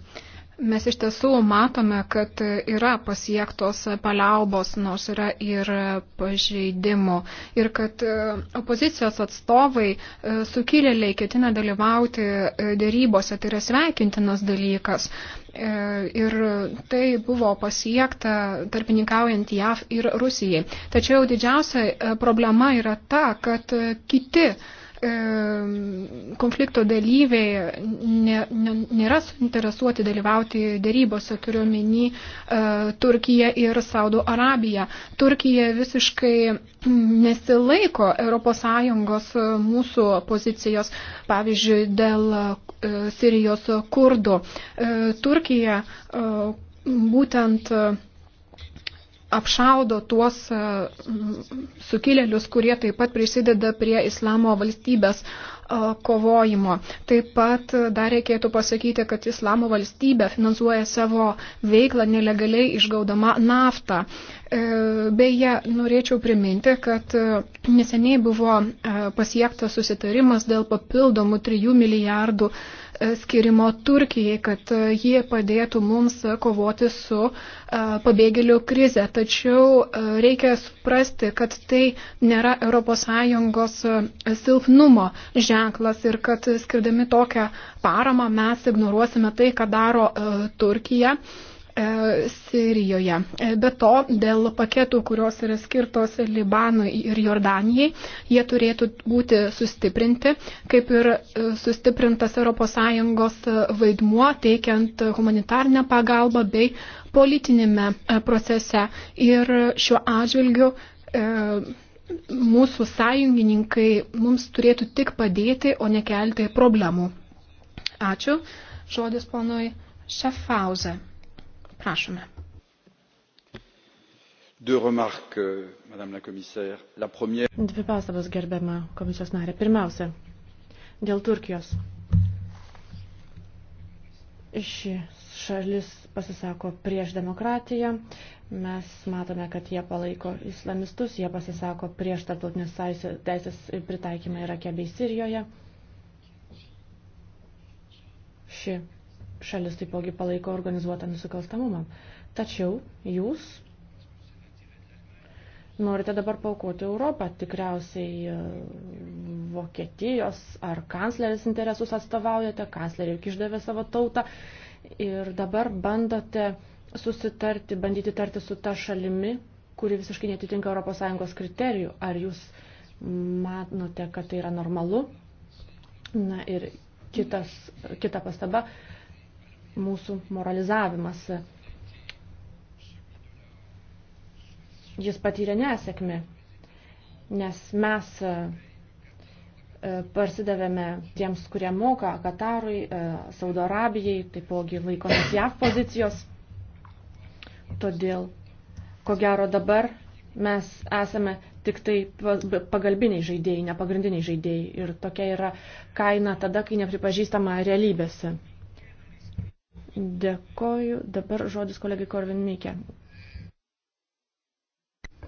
Mes iš tiesų matome, kad yra pasiektos paliaubos, nors yra ir pažeidimų. Ir kad e, opozicijos atstovai e, sukilėliai ketina dalyvauti e, dėrybose, tai yra sveikintinas dalykas. Ir tai buvo pasiekta tarpininkaujant JAV ir Rusijai. Tačiau didžiausia problema yra ta, kad kiti konflikto dalyviai ne, ne, nėra suinteresuoti dalyvauti dėrybose, turiu meni e, Turkiją ir Saudo Arabiją. Turkija visiškai nesilaiko ES e, mūsų pozicijos, pavyzdžiui, dėl e, Sirijos kurdų. E, Turkija e, būtent e, apšaudo tuos e, sukilėlius, kurie taip pat prisideda prie islamo valstybės e, kovojimo. Taip pat e, dar reikėtų pasakyti, kad islamo valstybė finansuoja savo veiklą nelegaliai išgaudama naftą. Beje, norėčiau priminti, kad neseniai buvo pasiektas susitarimas dėl papildomų 3 milijardų skirimo Turkijai, kad e, jie padėtų mums kovoti su e, pabėgėlių krize. Tačiau e, reikia suprasti, kad tai nėra ES silpnumo ženklas ir kad skirdami tokią paramą mes ignoruosime tai, ką daro Turkija. E, Sirijoje. E, be to, dėl paketų, kurios yra skirtos Libanui ir Jordanijai, jie turėtų būti sustiprinti, kaip ir e, sustiprintas ES vaidmuo teikiant humanitarnę pagalbą bei politinėme procese. Ir šiuo atžvilgiu mūsų sąjungininkai mums turėtų tik padėti, o nekelti problemų. Ačiū. Žodis ponui Šefauze. Prašome. Euh, Dvi pastabas gerbiama komisijos narė. Pirmiausia, dėl Turkijos. Ši šalis pasisako prieš demokratiją, mes matome, kad jie palaiko islamistus, jie pasisako prieš tarptautinės teisės pritaikymą Irake bei Sirijoje. Ši Šalis taipogi palaiko organizuotą nusikalstamumą. Tačiau jūs norite dabar paukoti Europą, tikriausiai e, Vokietijos ar kancleris interesus atstovaujate, kanclerį juk išdavė savo tautą ir dabar bandote susitarti, bandyti tarti su ta šalimi, kuri visiškai netitinka ES kriterijų. Ar jūs matote, kad tai yra normalu? Na ir kitas, kita pastaba, mūsų moralizavimas. Jis patyrė nesėkmę, nes mes e, e, parsidavėme tiems, kurie moka Katarui, e, Saudo Arabijai, taipogi laikomės JAV pozicijos. Todėl, ko gero dabar mes esame tik tai pagalbiniai žaidėjai, ne pagrindiniai žaidėjai. Ir tokia yra kaina tada, kai nepripažįstama realybėse. Dėkoju. Dabar žodis kolegai Korvin Mikė.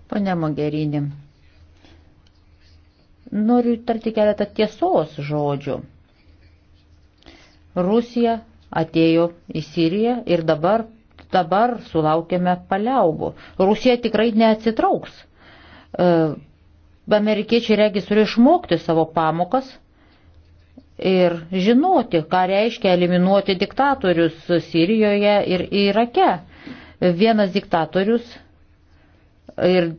Pane Mogerinė, noriu tarti keletą tiesos žodžių. Rusija atėjo į Siriją ir dabar, dabar sulaukėme paliaubų. Rusija tikrai neatsitrauks. E, amerikiečiai regis turi išmokti savo pamokas ir žinoti, ką reiškia eliminuoti diktatorius Sirijoje ir Irake. Vienas diktatorius ir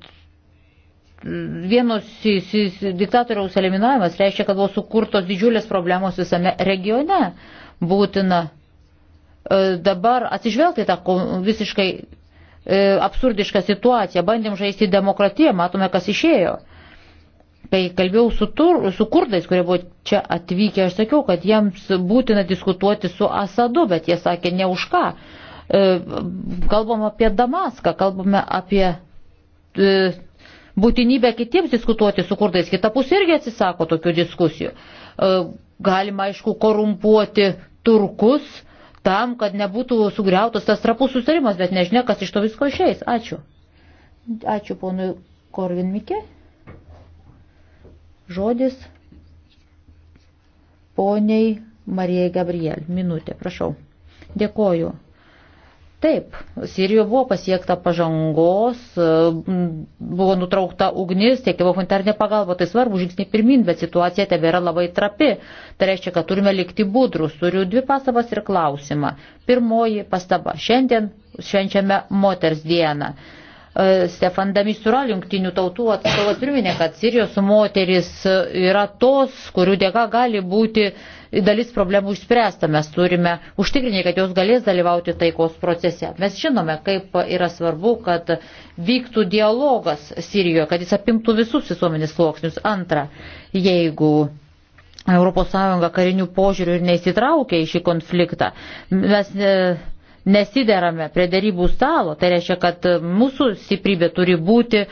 vienos diktatoriaus eliminavimas reiškia, kad buvo sukurtos didžiulės problemos visame regione. Būtina e, dabar atsižvelgti tą visiškai e, absurdišką situaciją. Bandėm žaisti demokratiją, matome, kas išėjo. Kai kalbėjau su, tur, su kurdais, kurie buvo čia atvykę, aš sakiau, kad jiems būtina diskutuoti su Asadu, bet jie sakė ne už ką. E, kalbam apie Damaską, kalbame apie e, būtinybę kitiems diskutuoti su kurdais. Kita pusė irgi atsisako tokių diskusijų. E, galima, aišku, korumpuoti turkus tam, kad nebūtų sugriautas tas trapus susitarimas, bet nežinia, kas iš to visko išeis. Ačiū. Ačiū ponui Korvin Mikė. Žodis poniai Marijai Gabriel. Minutė, prašau. Dėkoju. Taip, Sirijoje buvo pasiekta pažangos, buvo nutraukta ugnis, tiekiama humanitarinė pagalba, tai svarbu žingsniai pirmin, bet situacija tebėra labai trapi. Tai reiškia, kad turime likti budrus. Turiu dvi pastabas ir klausimą. Pirmoji pastaba. Šiandien švenčiame moters dieną. E, Stefan Damistural, jungtinių tautų atstovas, priminė, kad Sirijos moteris e, yra tos, kurių dėka gali būti dalis problemų išspręsta. Mes turime užtikrinti, kad jos galės dalyvauti taikos procese. Mes žinome, kaip yra svarbu, kad vyktų dialogas Sirijoje, kad jis apimtų visus visuomenės sluoksnius. Antra, jeigu ES karinių požiūrių ir neįsitraukia į šį konfliktą, mes. Ne, nesiderame prie darybų stalo, tai reiškia, kad e, mūsų stiprybė turi būti e,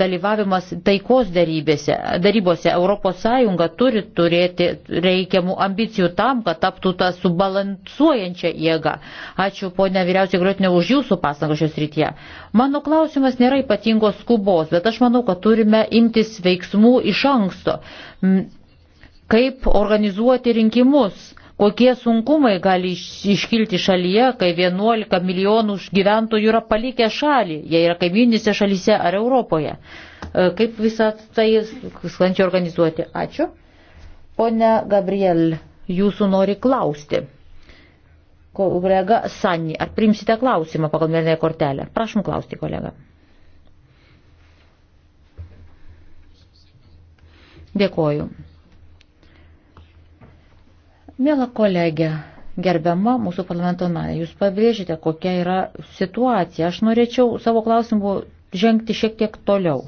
dalyvavimas taikos darybėse. darybose. ES turi turėti reikiamų ambicijų tam, kad taptų tą subalansuojančią jėgą. Ačiū ponia vyriausiai Grotinė už jūsų pasangą šios rytyje. Mano klausimas nėra ypatingos skubos, bet aš manau, kad turime imtis veiksmų iš anksto. Kaip organizuoti rinkimus? kokie sunkumai gali iškilti šalyje, kai 11 milijonų gyventojų yra palikę šalį, jie yra kaiminėse šalyse ar Europoje. E, kaip visą tai sklandžiai organizuoti? Ačiū. Pone Gabriel, jūsų nori klausti. Kolega Sanni, ar primsite klausimą pagal mėlynąją kortelę? Prašom klausti, kolega. Dėkoju. Mėla kolegė, gerbiama mūsų parlamento narė, jūs pabrėžite, kokia yra situacija. Aš norėčiau savo klausimų žengti šiek tiek toliau.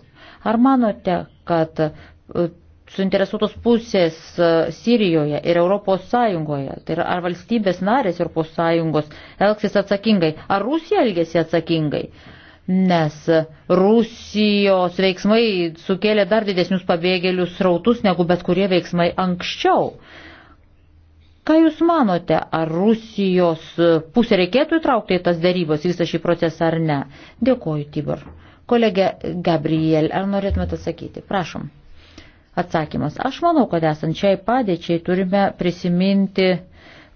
Ar manote, kad e, suinteresuotos pusės e, Sirijoje ir Europos Sąjungoje, tai yra ar valstybės narės Europos Sąjungos elgsis atsakingai, ar Rusija elgėsi atsakingai, nes e, Rusijos veiksmai sukėlė dar didesnius pabėgėlius srautus negu bet kurie veiksmai anksčiau. Ką Jūs manote, ar Rusijos pusė reikėtų įtraukti į tas darybas visą šį procesą ar ne? Dėkoju, Tibor. Kolegė Gabriel, ar norėtumėte atsakyti? Prašom. Atsakymas. Aš manau, kad esant šiai padėčiai turime prisiminti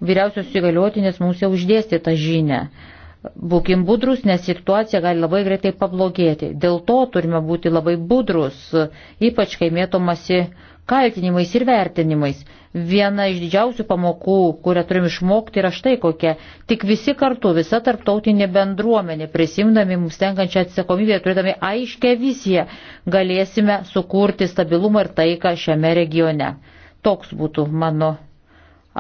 vyriausios įgaliotinės mums jau uždėsti tą žinę. Būkim budrus, nes situacija gali labai greitai pablogėti. Dėl to turime būti labai budrus, ypač kai mėtomasi kaltinimais ir vertinimais. Viena iš didžiausių pamokų, kurią turim išmokti, yra štai kokia. Tik visi kartu, visa tarptautinė bendruomenė, prisimdami mums tenkančią atsakomybę, turėdami aiškę viziją, galėsime sukurti stabilumą ir taiką šiame regione. Toks būtų mano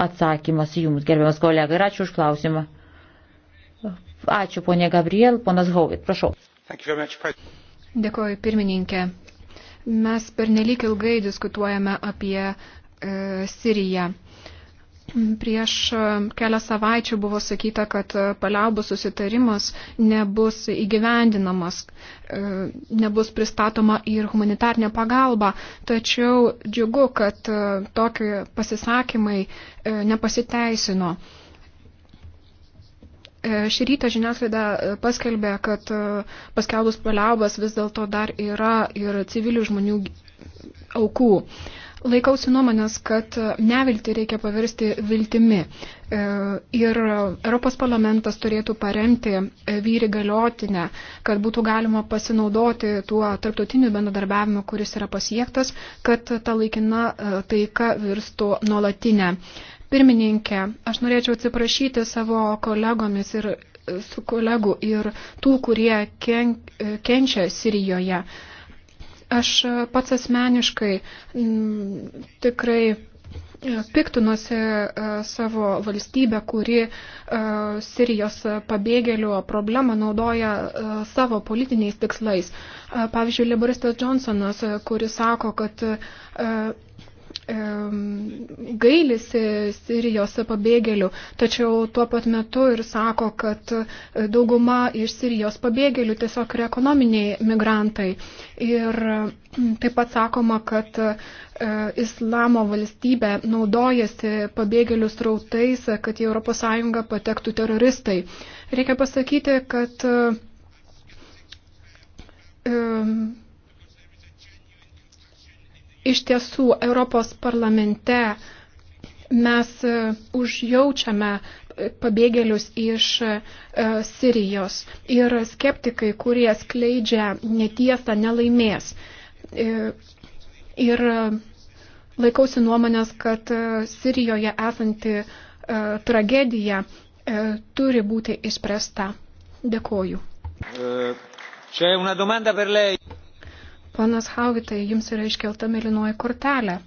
atsakymas jums, gerbiamas kolega, ir ačiū už klausimą. Ačiū, ponė Gabriel, ponas Hovit, prašau. Dėkuoju, pirmininkė. Mes pernelyg ilgai diskutuojame apie e, Siriją. Prieš e, kelią savaičių buvo sakyta, kad e, paliaubų susitarimas nebus įgyvendinamas, e, nebus pristatoma ir humanitarnė pagalba. Tačiau džiugu, kad tokie pasisakymai nepasiteisino. E, šį rytą žiniasklaida e, paskelbė, kad e, paskelbus paliaubas vis dėlto dar yra ir civilių žmonių aukų. Laikausi nuomonės, kad nevilti reikia pavirsti viltimi. Ir Europos parlamentas turėtų paremti vyri galiotinę, kad būtų galima pasinaudoti tuo tarptautiniu bendradarbiavimu, kuris yra pasiektas, kad ta laikina taika virstų nuolatinę. Pirmininkė, aš norėčiau atsiprašyti savo kolegomis ir e, su kolegų ir tų, kurie ken, e, kenčia Sirijoje. Aš e, pats asmeniškai m, mm, tikrai piktinuosi savo valstybę, kuri Sirijos pabėgėlių problemą naudoja savo politiniais tikslais. Pavyzdžiui, liberistas Johnsonas, kuris sako, kad gailisi e Sirijos pabėgėlių, tačiau tuo pat metu ir sako, kad e, dauguma iš Sirijos pabėgėlių tiesiog yra ekonominiai migrantai. Ir taip pat sakoma, kad e, islamo valstybė naudojasi pabėgėlių srautais, kad į ES patektų teroristai. Reikia pasakyti, kad Iš tiesų, Europos parlamente mes e, užjaučiame e, pabėgėlius iš e, Sirijos ir skeptikai, kurie skleidžia netiesą, nelaimės. Ir laikausi nuomonės, kad Sirijoje esanti tragedija turi būti išspręsta. Dėkoju. Čia una domanda per lei. Panas Haugitai, jums yra iškelta mėlynoji kortelė.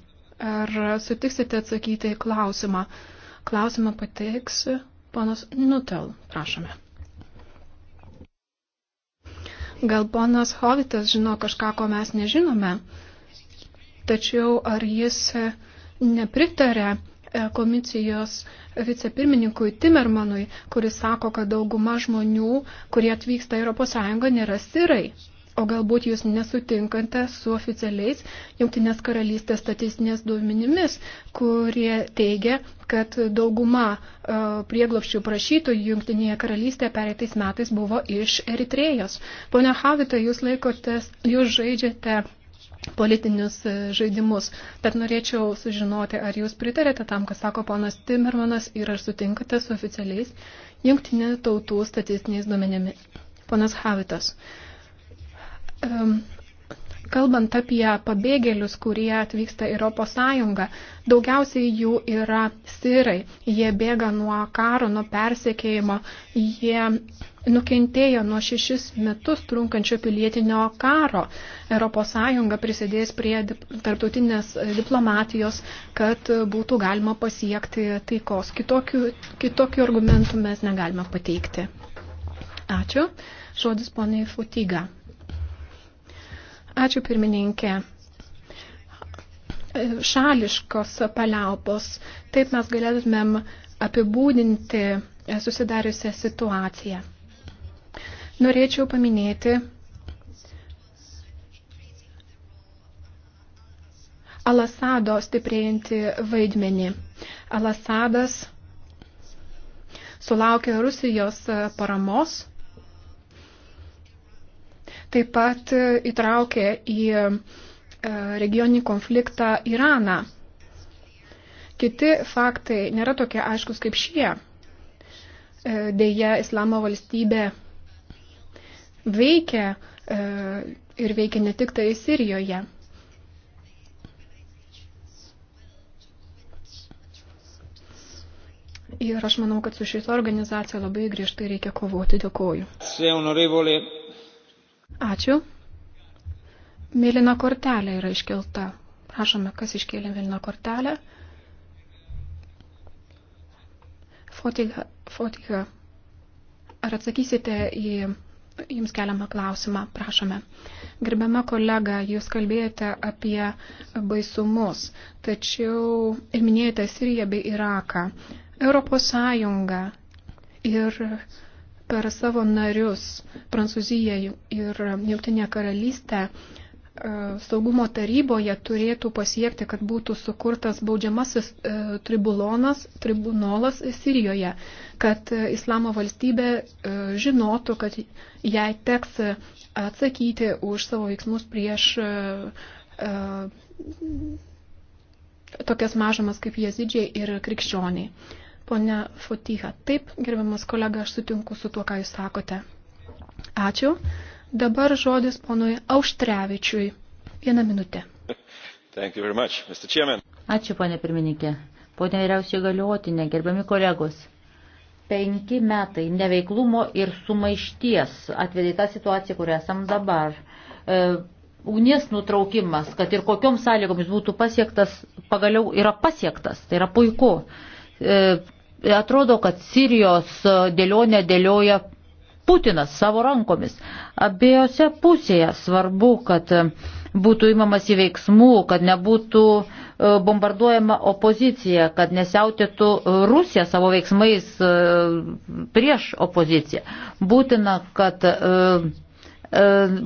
Ar sutiksite atsakyti į klausimą? Klausimą pateiks ponas Nutel, prašome. Gal ponas Hovitas žino kažką, ko mes nežinome, tačiau ar jis nepritarė e, komisijos vicepirmininkui Timermanui, kuris sako, kad dauguma žmonių, kurie atvyksta į ES, nėra sirai. O galbūt jūs nesutinkate su oficialiais Junktinės karalystės statistinės duomenimis, kurie teigia, kad dauguma e, prieglopščių prašytojų Junktinėje karalystėje pereitais metais buvo iš Eritrėjos. Pone Havita, jūs laikotės, jūs žaidžiate politinius e, žaidimus. Tad norėčiau sužinoti, ar jūs pritarėte tam, kas sako ponas Timermanas ir ar sutinkate su oficialiais Junktinių tautų statistiniais duomenimis. Ponas Havitas. Uh, Kalbant apie pabėgėlius, kurie atvyksta į ES, daugiausiai jų yra sirai. Jie bėga nuo karo, nuo persekėjimo. Jie nukentėjo nuo šešis metus trunkančio pilietinio karo. ES prisidės prie tarptautinės diplomatijos, kad būtų galima pasiekti taikos. Kitokių, kitokių argumentų mes negalime pateikti. Ačiū. Žodis poniai Futiga. Ačiū pirmininkė. Šališkos paliaupos. Taip mes galėtumėm apibūdinti susidariusią situaciją. Norėčiau paminėti Alasado stiprėjantį vaidmenį. Alasadas sulaukė Rusijos paramos taip pat e, įtraukė į e, regioninį konfliktą Iraną. Kiti faktai nėra tokie aiškus kaip šie. E, Deja, islamo valstybė veikia ir veikia ne tik tai Sirijoje. Ir aš manau, kad su šita organizacija labai griežtai reikia kovoti. Dėkoju. Ačiū. Mėlyna kortelė yra iškelta. Prašome, kas iškėlė mėlyną kortelę. Fotiga, fotiga. Ar atsakysite į Jums keliamą klausimą, prašome. Gerbiama kolega, Jūs kalbėjote apie baisumus, tačiau ir minėjote Siriją bei Iraką. Europos Sąjunga ir per savo narius Prancūziją ir Jungtinę karalystę e, saugumo taryboje turėtų pasiekti, kad būtų sukurtas baudžiamasis e, tribulonas, tribunolas Sirijoje, kad e, Islamo valstybė žinotų, kad jai teks atsakyti už savo veiksmus prieš tokias mažamas kaip jezidžiai ir krikščioniai. Pone Fotyha, taip, gerbiamas kolega, aš sutinku su tuo, ką jūs sakote. Ačiū. Dabar žodis ponui Auštrevičiui. Vieną minutę. Much, Ačiū, ponė pirmininkė. Pone vyriausiai galiuotinė, gerbiami kolegos. Penki metai neveiklumo ir sumaišties atvedė tą situaciją, kurią esam dabar. E, ugnies nutraukimas, kad ir kokiom sąlygomis būtų pasiektas, pagaliau yra pasiektas. Tai yra puiku. E, Atrodo, kad Sirijos e, dėlionę dėlioja Putinas savo rankomis. Abiejose pusėje svarbu, kad e, būtų įmamas į veiksmų, kad nebūtų e, bombarduojama opozicija, kad nesiautėtų Rusija savo veiksmais prieš opoziciją. Būtina, kad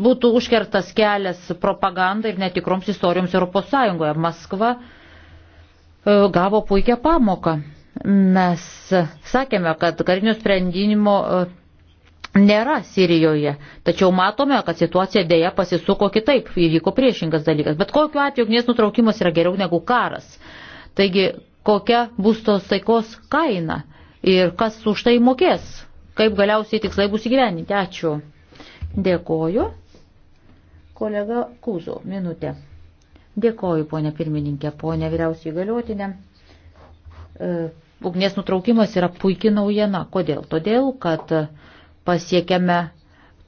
būtų užkertas kelias propagandai ir netikroms istorijoms Europos Sąjungoje. Maskva gavo puikią pamoką. Mes sakėme, kad karinio sprendinimo e, nėra Sirijoje, tačiau matome, kad situacija dėja pasisuko kitaip, įvyko priešingas dalykas. Bet kokiu atveju ugnies nutraukimas yra geriau negu karas. Taigi, kokia bus tos taikos kaina ir kas už tai mokės, kaip galiausiai tikslai bus įgyveninti. Ačiū. Dėkoju. Kolega Kūzo, minutė. Dėkoju, ponė pirmininkė, ponė vyriausiai galiotinė. E, ugnies nutraukimas yra puikia naujiena. Kodėl? Todėl, kad pasiekėme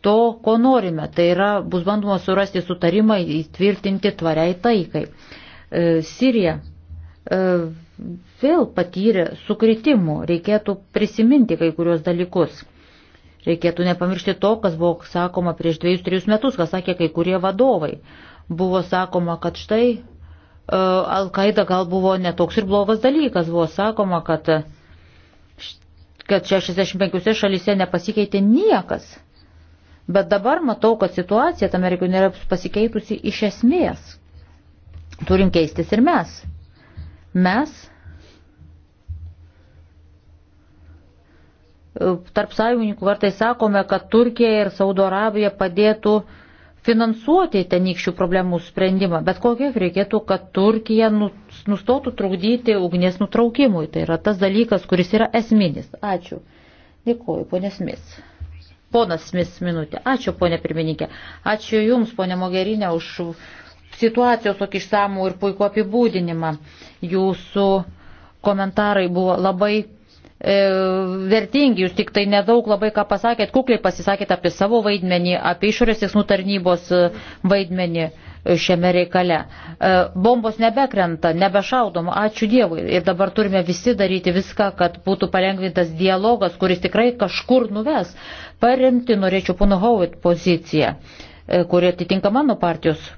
to, ko norime. Tai yra, bus bandoma surasti sutarimą įtvirtinti tvariai taikai. E, Sirija e, vėl patyrė sukritimų. Reikėtų prisiminti kai kurios dalykus. Reikėtų nepamiršti to, kas buvo sakoma prieš dviejus, trijus metus, kas sakė kai kurie vadovai. Buvo sakoma, kad štai E, Al-Qaida gal buvo netoks ir blogas dalykas. Buvo sakoma, kad, kad 65 šalyse nepasikeitė niekas. Bet dabar matau, kad situacija tame regione yra pasikeitusi iš esmės. Turim keistis ir mes. Mes e, tarp sąjungininkų kartais sakome, kad Turkija ir Saudo Arabija padėtų uh, finansuoti tenykščių problemų sprendimą, bet kokia reikėtų, kad Turkija nustotų trukdyti ugnies nutraukimui. Tai yra tas dalykas, kuris yra esminis. Ačiū. Dėkuoju, ponė Smis. Ponas Smis minutė. Ačiū, ponė pirmininkė. Ačiū Jums, ponė Mogerinė, už situacijos tokį išsamų ir puikų apibūdinimą. Jūsų komentarai buvo labai E, vertingi, jūs tik tai nedaug labai ką pasakėt, kukliai pasisakėt apie savo vaidmenį, apie išorės tiksmų tarnybos e, vaidmenį e, šiame reikale. Bombos nebekrenta, nebešaudoma, ačiū Dievui. Ir dabar turime visi daryti viską, kad būtų palengvintas dialogas, kuris tikrai kažkur nuves. Paremti norėčiau pono Howitt poziciją, kuri atitinka mano partijos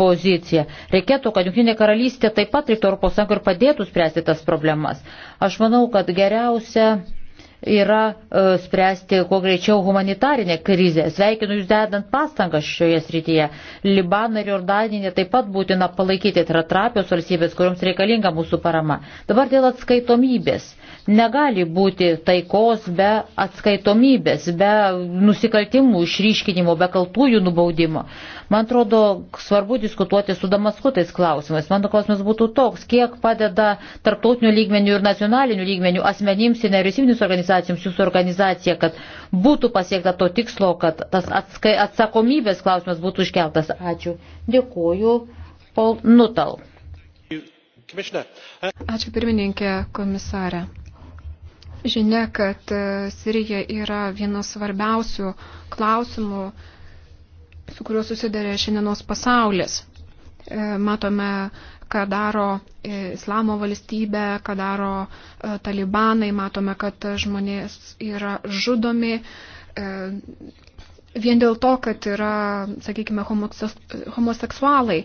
poziciją. Reikėtų, kad Junktinė karalystė taip pat reiktų Europos Sąjungą ir padėtų spręsti tas problemas. Aš manau, kad geriausia yra e, spręsti kuo greičiau humanitarinę krizę. Sveikinu jūs dedant pastangas šioje srityje. Libaną ir Jordaniją taip pat būtina palaikyti, tai yra trapios valstybės, kuriuoms reikalinga mūsų parama. Dabar dėl atskaitomybės. Negali būti taikos be atskaitomybės, be nusikaltimų išryškinimo, be kaltųjų nubaudimo. Man atrodo, svarbu diskutuoti su Damasku tais klausimais. Mano klausimas būtų toks, kiek padeda tarptautinių lygmenių ir nacionalinių lygmenių asmenims ir nevyriausybinėms organizacijoms jūsų organizacija, kad būtų pasiekta to tikslo, kad tas atskai, atsakomybės klausimas būtų iškeltas. Ačiū. Dėkuoju. Paul Nuttall. Uh Ačiū pirmininkė komisarė. Žinia, kad e, Sirija yra vienas svarbiausių klausimų, su kuriuo susidarė šiandienos pasaulis. E, matome, ką daro e, Islamo valstybė, ką daro talibanai, matome, kad žmonės yra žudomi vien dėl to, kad yra, sakykime, homoseksualai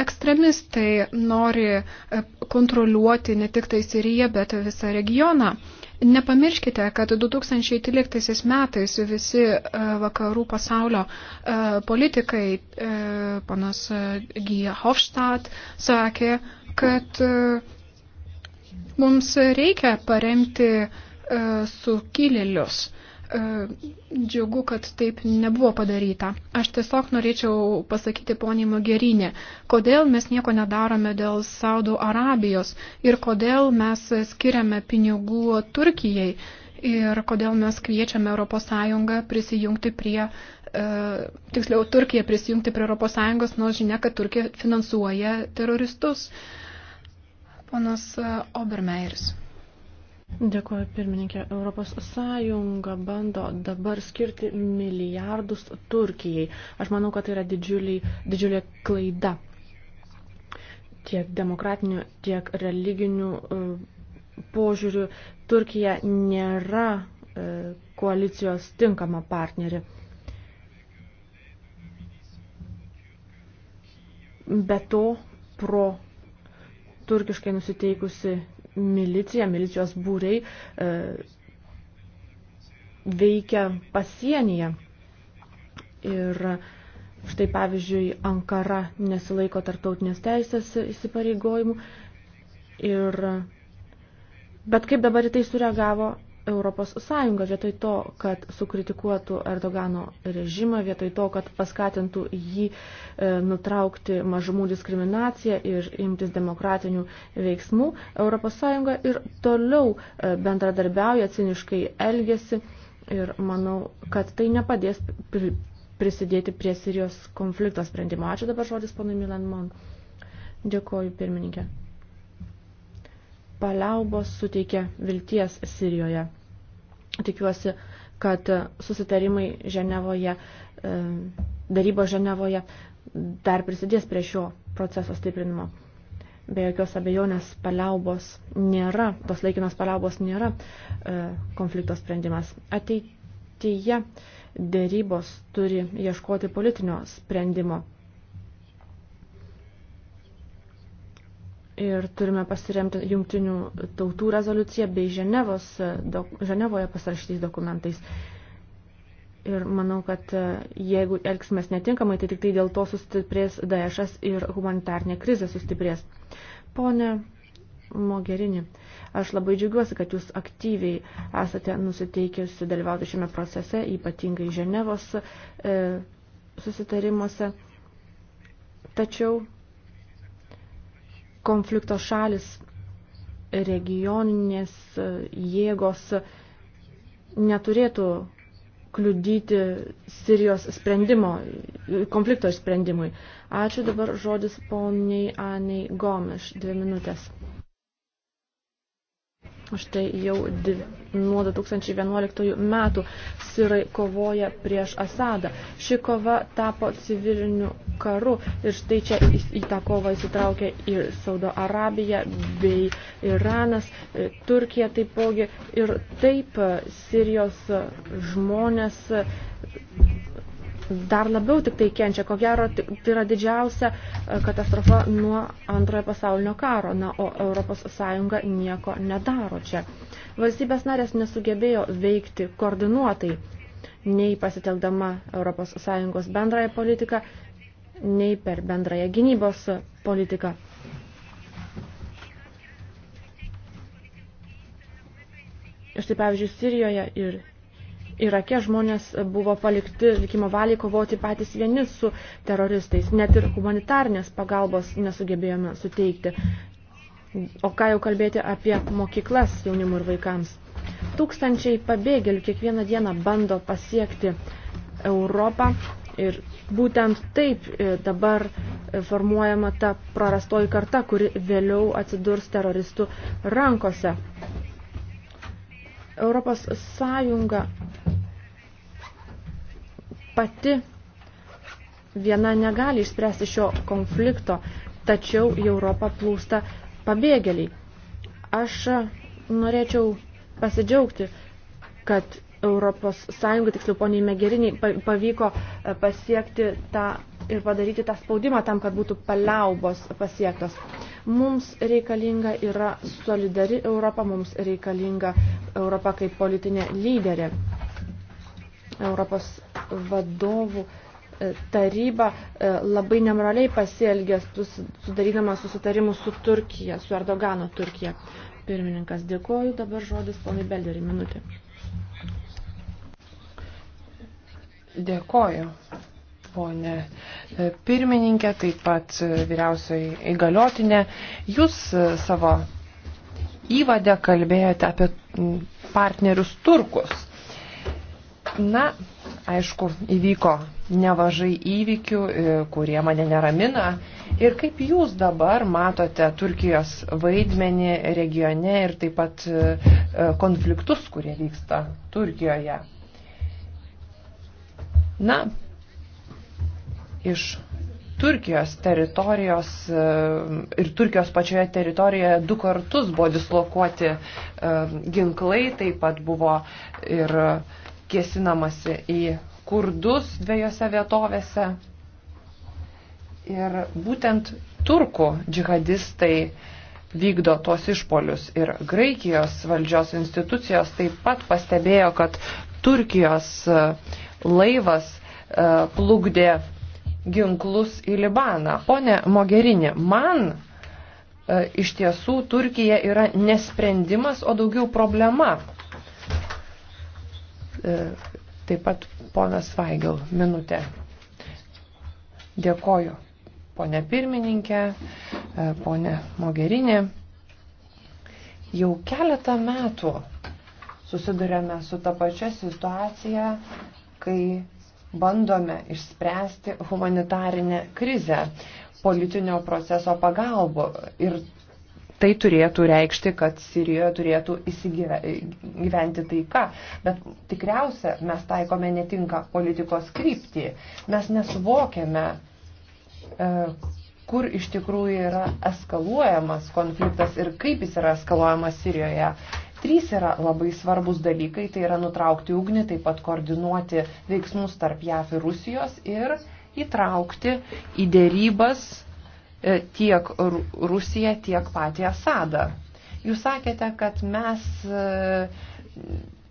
ekstremistai nori e, kontroliuoti ne tik tai Siriją, bet visą regioną. Nepamirškite, kad 2013 metais visi e, vakarų pasaulio e, politikai, panas Gija Hofstadt, sakė, kad mums reikia paremti sukilėlius. E, džiugu, kad taip nebuvo padaryta. Aš tiesiog norėčiau pasakyti poniai Mogerinė, kodėl mes nieko nedarome dėl Saudo Arabijos ir kodėl mes skiriame pinigų Turkijai ir kodėl mes kviečiame ES prisijungti prie, e, tiksliau, Turkiją prisijungti prie ES, nors žinia, kad Turkija finansuoja teroristus. Ponas e, Obermeiris. Dėkuoju, pirmininkė. Europos Sąjunga bando dabar skirti milijardus Turkijai. Aš manau, kad tai yra didžiulį, didžiulė klaida tiek demokratinių, tiek religinių e, požiūrių. Turkija nėra e, koalicijos tinkama partneri. Be to, pro turkiškai nusiteikusi milicija, milicijos būrei e, veikia pasienyje. Ir štai pavyzdžiui, Ankara nesilaiko tarptautinės teisės įsipareigojimų. Ir, bet kaip dabar į tai sureagavo Europos Sąjunga vietoj to, kad sukritikuotų Erdogano režimą, vietoj to, kad paskatintų jį e, nutraukti mažumų diskriminaciją ir imtis demokratinių veiksmų, Europos Sąjunga ir toliau e, bendradarbiauja, ciniškai elgesi ir manau, kad tai nepadės pri, prisidėti prie Sirijos konflikto sprendimo. Ačiū dabar žodis ponui Milan Mon. Dėkoju pirmininkė. Paliaubos suteikia vilties Sirijoje. Tikiuosi, kad susitarimai Ženevoje, e, darybo Ženevoje dar prisidės prie šio proceso stiprinimo. Be jokios abejonės paliaubos nėra, tos laikinos paliaubos nėra e, konflikto sprendimas. Ateityje dėrybos turi ieškoti politinio sprendimo. ir turime pasiremti jungtinių tautų rezoliuciją bei Ženevos, do, Ženevoje pasirašytais dokumentais. Ir manau, kad e, jeigu elgsimės netinkamai, tai tik tai dėl to sustiprės Daešas ir humanitarnė krizė sustiprės. Pone Mogerini, aš labai džiaugiuosi, kad jūs aktyviai esate nusiteikiusi dalyvauti šiame procese, ypatingai Ženevos e, susitarimuose. Tačiau konflikto šalis, regioninės jėgos neturėtų kliudyti Sirijos sprendimo, konflikto sprendimui. Ačiū dabar žodis poniai Anei Gomeš, dvi minutės. Štai jau dvi, nuo 2011 metų Sirai kovoja prieš Asadą. Ši kova tapo civiliniu karu. Ir štai čia į tą kovą įsitraukė ir Saudo Arabija, bei Iranas, e, Turkija taipogi. Ir taip e, Sirijos e, žmonės dar labiau tik tai kenčia. Ko gero, tai yra didžiausia katastrofa nuo antrojo pasaulinio karo. Na, o ES nieko nedaro čia. Valstybės narės nesugebėjo veikti koordinuotai, nei pasitelkdama ES bendrąją politiką, nei per bendrąją gynybos politiką. Štai pavyzdžiui, Sirijoje ir Irake žmonės buvo palikti likimo valiai kovoti patys vieni su teroristais. Net ir humanitarnės pagalbos nesugebėjome suteikti. O ką jau kalbėti apie mokyklas jaunimų ir vaikams. Tūkstančiai pabėgėlių kiekvieną dieną bando pasiekti Europą Ir būtent taip e, dabar e, formuojama ta prarastoji karta, kuri vėliau atsidurs teroristų rankose. Europos Sąjunga pati viena negali išspręsti šio konflikto, tačiau į Europą plūsta pabėgėliai. Aš norėčiau pasidžiaugti, kad Europos Sąjungai, tiksliau poniai Megeriniai, pavyko e, pasiekti tą ir padaryti tą spaudimą tam, kad būtų paliaubos pasiektos. Mums reikalinga yra solidari Europa, mums reikalinga Europa kaip politinė lyderė. Europos vadovų e, taryba e, labai nemoraliai pasielgė sudarydama susitarimus su Turkija, su Erdogano Turkija. Pirmininkas, dėkoju, dabar žodis ponai Belderį minutė. Dėkoju, ponė pirmininkė, taip pat vyriausioji įgaliotinė. Jūs savo įvadę kalbėjote apie partnerius turkus. Na, aišku, įvyko nemažai įvykių, e, kurie mane neramina. Ir kaip jūs dabar matote Turkijos vaidmenį regione ir taip pat e, konfliktus, kurie vyksta Turkijoje? Na, iš Turkijos teritorijos e, ir Turkijos pačioje teritorijoje du kartus buvo dislokuoti e, ginklai, taip pat buvo ir kėsinamasi į kurdus dviejose vietovėse. Ir būtent turkų džihadistai vykdo tos išpolius. Ir Graikijos valdžios institucijos taip pat pastebėjo, kad Turkijos e, laivas e, plukdė ginklus į Libaną. Pone Mogerini, man e, iš tiesų Turkija yra nesprendimas, o daugiau problema. Taip pat ponas Vaigel, minutė. Dėkoju, ponė pirmininkė, ponė Mogerinė. Jau keletą metų susidurėme su ta pačia situacija, kai bandome išspręsti humanitarinę krizę politinio proceso pagalbo. Ir tai turėtų reikšti, kad Sirijoje turėtų įsigyventi taika. Bet tikriausia, mes taikome netinka politikos kryptį. Mes nesuvokėme, e, kur iš tikrųjų yra eskaluojamas konfliktas ir kaip jis yra eskaluojamas Sirijoje. Trys yra labai svarbus dalykai, tai yra nutraukti ugnį, taip pat koordinuoti veiksmus tarp JAF ir Rusijos ir įtraukti į dėrybas e, tiek Rusiją, tiek patį Asadą. Jūs sakėte, kad mes e,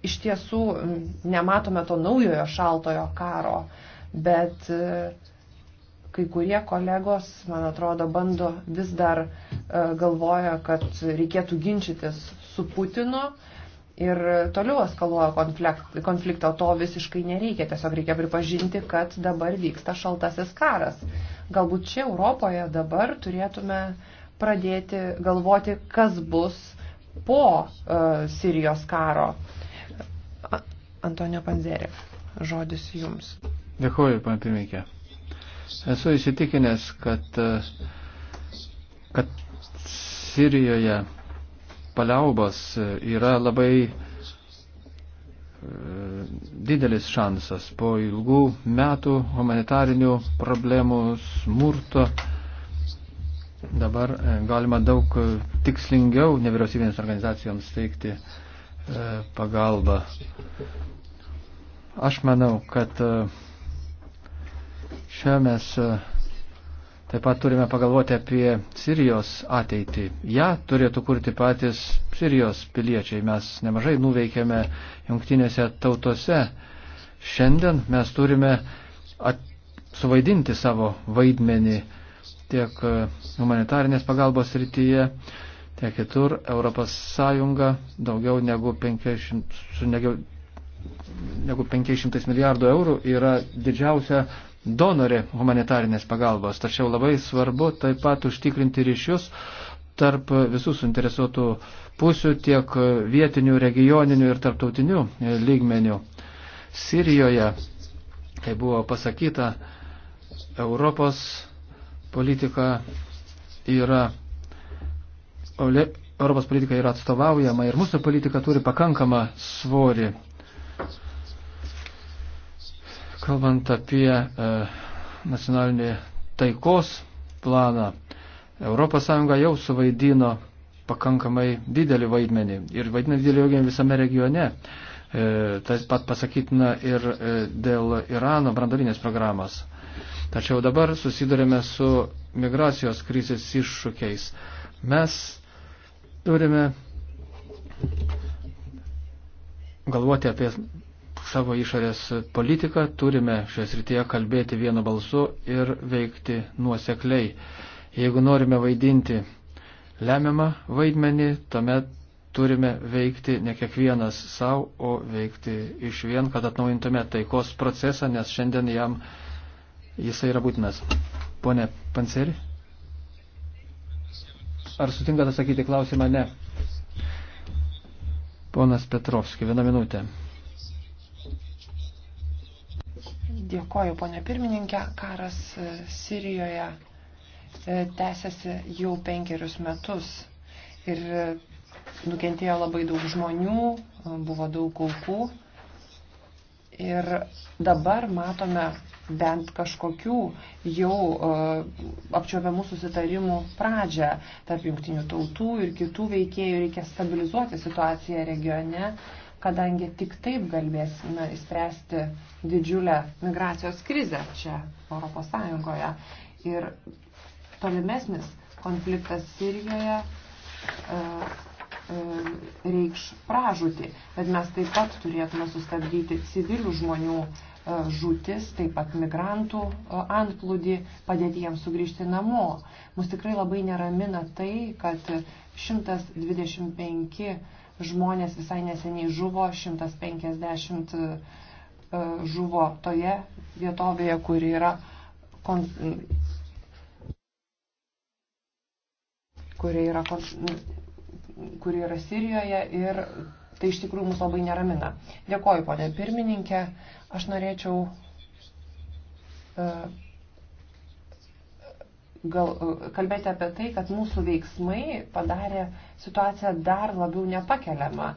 iš tiesų nematome to naujojo šaltojo karo, bet e, kai kurie kolegos, man atrodo, bando vis dar galvoja, kad reikėtų ginčytis su Putinu ir toliau eskaluoja konflikt, konfliktą, to visiškai nereikia, tiesiog reikia pripažinti, kad dabar vyksta šaltasis karas. Galbūt čia Europoje dabar turėtume pradėti galvoti, kas bus po uh, Sirijos karo. Antonio Panzerė, žodis jums. Dėkuoju, pana pirmininkė. Esu įsitikinęs, kad, e, kad Sirijoje paliaubos e, yra labai e, didelis šansas po ilgų metų humanitarinių problemų, smurto. Dabar e, galima daug tikslingiau nevyriausybinės organizacijoms teikti pagalbą. Aš manau, kad šią mes Taip pat turime pagalvoti apie Sirijos ateitį. Ja turėtų kurti patys Sirijos piliečiai. Mes nemažai nuveikėme jungtinėse tautose. Šiandien mes turime at... suvaidinti savo vaidmenį tiek e, humanitarinės pagalbos rytyje, tiek kitur. Europos Sąjunga daugiau negu 500, su negu negu 500 milijardų eurų yra didžiausia donorė humanitarinės pagalbos. Tačiau labai svarbu taip pat užtikrinti ryšius tarp visų suinteresuotų pusių tiek vietinių, regioninių ir tarptautinių lygmenių. Sirijoje, tai buvo pasakyta, Europos politika yra. Europos politika yra atstovaujama ir mūsų politika turi pakankamą svorį Kalbant apie e, nacionalinį taikos planą, ES jau suvaidino pakankamai didelį vaidmenį ir vaidina didelį vaidmenį visame regione. E, Taip pat pasakytina ir e, dėl Irano brandalinės programos. Tačiau dabar susidurime su migracijos krizės iššūkiais. Mes turime galvoti apie savo išorės politiką, turime šios rytyje kalbėti vienu balsu ir veikti nuosekliai. Jeigu norime vaidinti lemiamą vaidmenį, tuomet turime veikti ne kiekvienas savo, o veikti iš vien, kad atnaujintume taikos procesą, nes šiandien jam jisai yra būtinas. Pone Panseri, ar sutinkate sakyti klausimą? Ne. Ponas Petrovski, vieną minutę. Dėkoju, ponė pirmininkė. Karas e, Sirijoje e, tęsiasi jau penkerius metus ir e, nukentėjo labai daug žmonių, buvo daug aukų. Ir dabar matome bent kažkokių jau apčiopiamų susitarimų pradžią tarp jungtinių tautų ir kitų veikėjų. Reikia stabilizuoti situaciją regione kadangi tik taip galėsime įspręsti didžiulę migracijos krizę čia Europos Sąjungoje. Ir tolimesnis konfliktas Sirijoje e, e, reikš pražūtį, bet mes taip pat turėtume sustabdyti civilių žmonių e, žūtis, taip pat migrantų antplūdį, padėti jiems sugrįžti namo. Mus tikrai labai neramina tai, kad 125 žmonės visai neseniai žuvo, 150 e, žuvo toje vietovėje, kur yra kon... kuri yra, kuri yra Sirijoje ir tai iš tikrųjų mus labai neramina. Dėkoju, ponė pirmininkė. Aš norėčiau uh, gal, e, kalbėti apie tai, kad mūsų veiksmai padarė situaciją dar labiau nepakeliamą.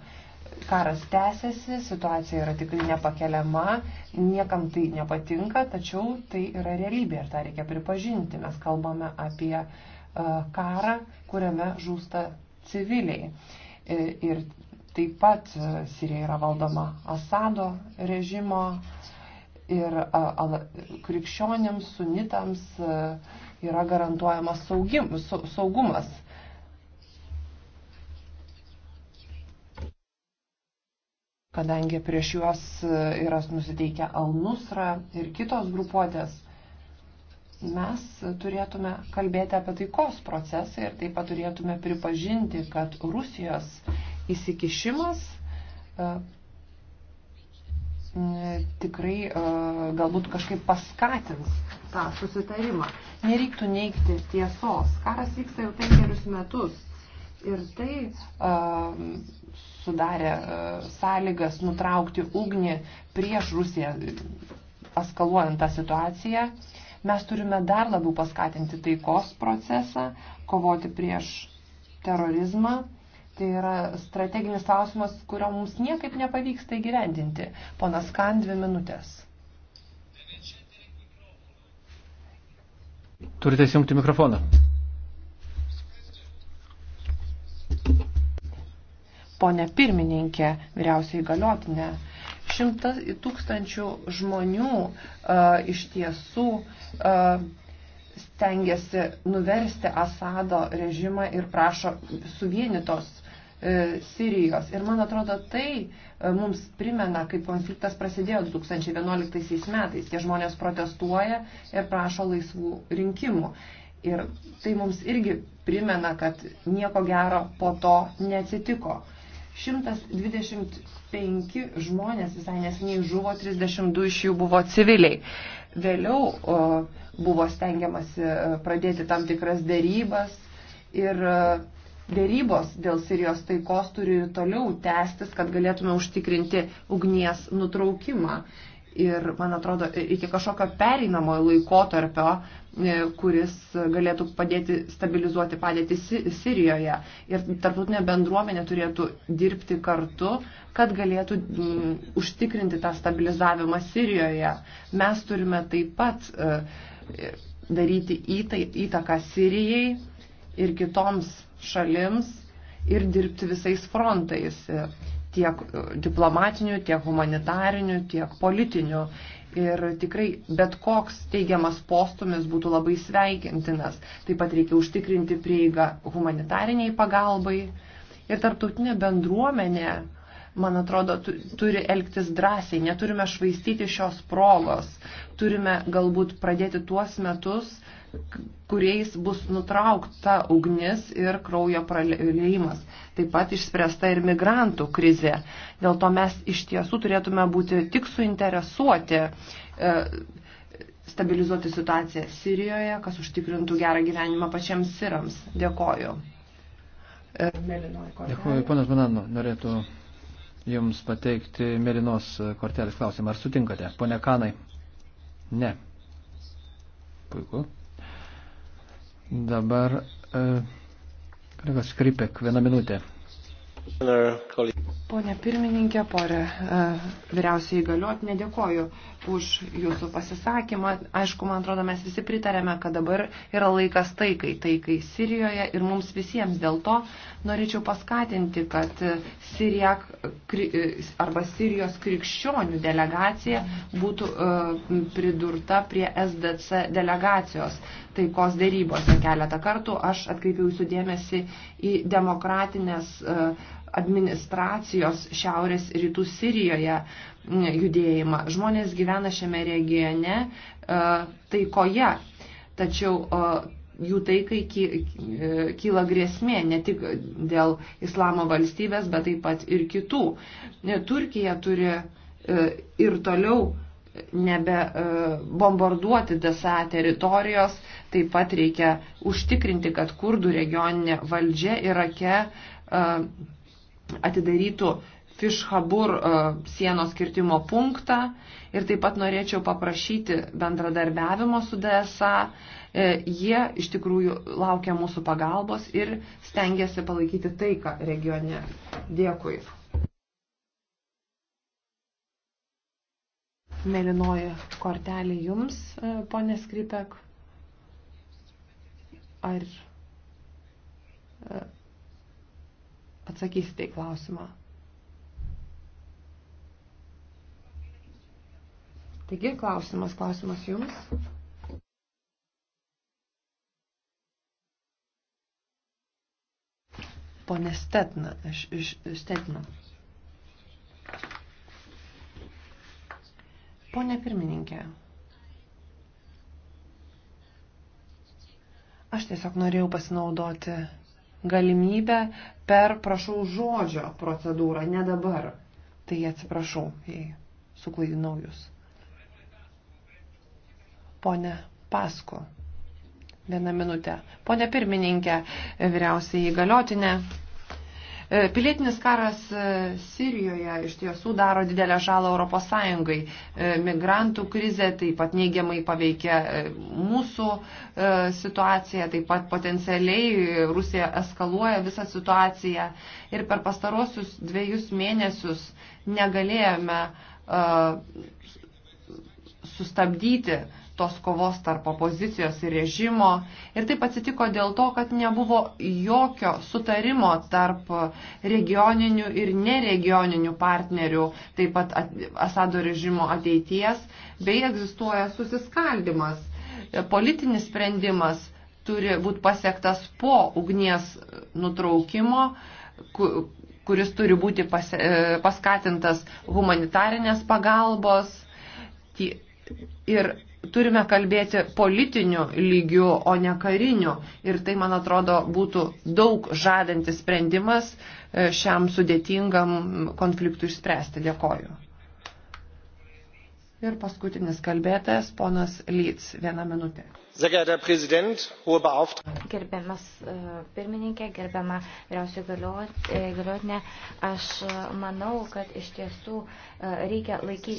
Karas tęsiasi, situacija yra tikrai nepakeliama, niekam tai nepatinka, tačiau tai yra realybė ir tą reikia pripažinti. Mes kalbame apie e, karą, kuriame žūsta civiliai. E, ir taip pat Sirija yra valdoma Asado režimo ir krikščionėms, sunitams. A, yra garantuojamas saugim, saugumas. Kadangi prieš juos yra nusiteikę Alnusra ir kitos grupuotės, mes turėtume kalbėti apie taikos procesą ir taip pat turėtume pripažinti, kad Rusijos įsikišimas Mm, tikrai e, galbūt kažkaip paskatins tą susitarimą. Nereiktų neikti tiesos. Karas vyksta jau penkerius metus ir tai uh, sudarė uh, sąlygas nutraukti ugnį prieš Rusiją, paskaluojant tą situaciją. Mes turime dar labiau paskatinti taikos procesą, kovoti prieš terorizmą Tai yra strateginis klausimas, kurio mums niekaip nepavyksta įgyvendinti. Ponas Kan, dvi minutės. Turite įsijungti mikrofoną. Pone pirmininkė, vyriausiai galiotinė, šimtas tūkstančių žmonių uh, iš tiesų uh, stengiasi nuversti Asado režimą ir prašo suvienytos E, Sirijos. Ir man atrodo, tai e, mums primena, kaip konfliktas prasidėjo 2011 metais. Tie žmonės protestuoja ir prašo laisvų rinkimų. Ir tai mums irgi primena, kad nieko gero po to neatsitiko. 125 žmonės visai nesiniai žuvo, 32 iš jų buvo civiliai. Vėliau o, buvo stengiamasi e, pradėti tam tikras dėrybas ir o, Dėrybos dėl Sirijos taikos turi ir toliau tęstis, kad galėtume užtikrinti ugnies nutraukimą. Ir, man atrodo, iki kažkokio pereinamojo laikotarpio, e, kuris galėtų padėti stabilizuoti padėtį Sirijoje. Ir tarptautinė bendruomenė turėtų dirbti kartu, kad galėtų užtikrinti tą stabilizavimą Sirijoje. Mes turime taip pat e, daryti įtaką Sirijai ir kitoms šalims ir dirbti visais frontais, tiek diplomatiniu, tiek humanitariniu, tiek politiniu. Ir tikrai bet koks teigiamas postumis būtų labai sveikintinas. Taip pat reikia užtikrinti prieigą humanitariniai pagalbai. Ir tarptautinė bendruomenė, man atrodo, turi elgtis drąsiai. Neturime švaistyti šios progos. Turime galbūt pradėti tuos metus, uh, kuriais bus nutraukta ugnis ir kraujo praleimas. Taip pat išspręsta ir migrantų krizė. Dėl to mes iš tiesų turėtume būti tik suinteresuoti e, stabilizuoti situaciją Sirijoje, kas užtikrintų gerą gyvenimą pačiams sirams. Dėkoju. E, Dėkuoju, ponas Banano, norėtų Jums pateikti mėlynos kortelės klausimą. Ar sutinkate, pone Kanai? Ne. Puiku. Dabar e, kolega Skripek, vieną minutę. Pone pirmininkė, porė e, vyriausiai įgaliotinė, dėkoju už jūsų pasisakymą. Aišku, man atrodo, mes visi pritarėme, kad dabar yra laikas taikai, taikai Sirijoje ir mums visiems dėl to norėčiau paskatinti, kad Sirija e, arba Sirijos krikščionių delegacija būtų pridurta prie SDC delegacijos taikos dėrybose keletą kartų. Aš atkreipiau jūsų dėmesį į demokratinės e, administracijos šiaurės rytų Sirijoje judėjimą. Žmonės gyvena šiame regione e, taikoje, tačiau e, jų taikai kyla grėsmė ne tik dėl islamo valstybės, bet taip pat ir kitų. Turkija turi ir toliau nebe e, bombarduoti DSA teritorijos, taip pat reikia užtikrinti, kad kurdų regioninė valdžia Irake e, atidarytų Fishhabur e, sienos kirtimo punktą ir taip pat norėčiau paprašyti bendradarbiavimo su DSA. Jie iš tikrųjų laukia mūsų pagalbos ir stengiasi palaikyti taiką regione. Dėkui. mėlynoji kortelė jums, e, ponė Skripek. Ar e, atsakysite į klausimą? Taigi, klausimas, klausimas jums. Pone Stetna, aš iš Stetna. Pone pirmininkė, aš tiesiog norėjau pasinaudoti galimybę per prašau žodžio procedūrą, ne dabar. Tai atsiprašau, jei suklaidinau jūs. Pone Pasko, vieną minutę. Pone pirmininkė, vyriausiai įgaliotinė. E, pilietinis karas e, Sirijoje iš tiesų daro didelę žalą Europos Sąjungai. E, migrantų krizė taip pat neigiamai paveikia mūsų situaciją, taip pat potencialiai Rusija eskaluoja visą situaciją. Ir per pastarosius dviejus mėnesius negalėjome sustabdyti uh, tos kovos tarp opozicijos ir režimo. Ir taip atsitiko dėl to, kad nebuvo jokio sutarimo tarp regioninių ir neregioninių partnerių, taip pat Asado režimo ateities, bei egzistuoja susiskaldimas. Politinis sprendimas turi būti pasiektas po ugnies nutraukimo, kuris turi būti pas, e, paskatintas humanitarinės pagalbos. Ir turime kalbėti politiniu lygiu, o ne kariniu. Ir tai, man atrodo, būtų daug žadantis sprendimas e, šiam sudėtingam konfliktui išspręsti. Dėkoju. Ir paskutinis kalbėtojas, ponas Lyts, vieną minutę. Gerbiamas e, pirmininkė, gerbiama vyriausių e, galiotinė, aš e, manau, kad iš tiesų reikia laiky,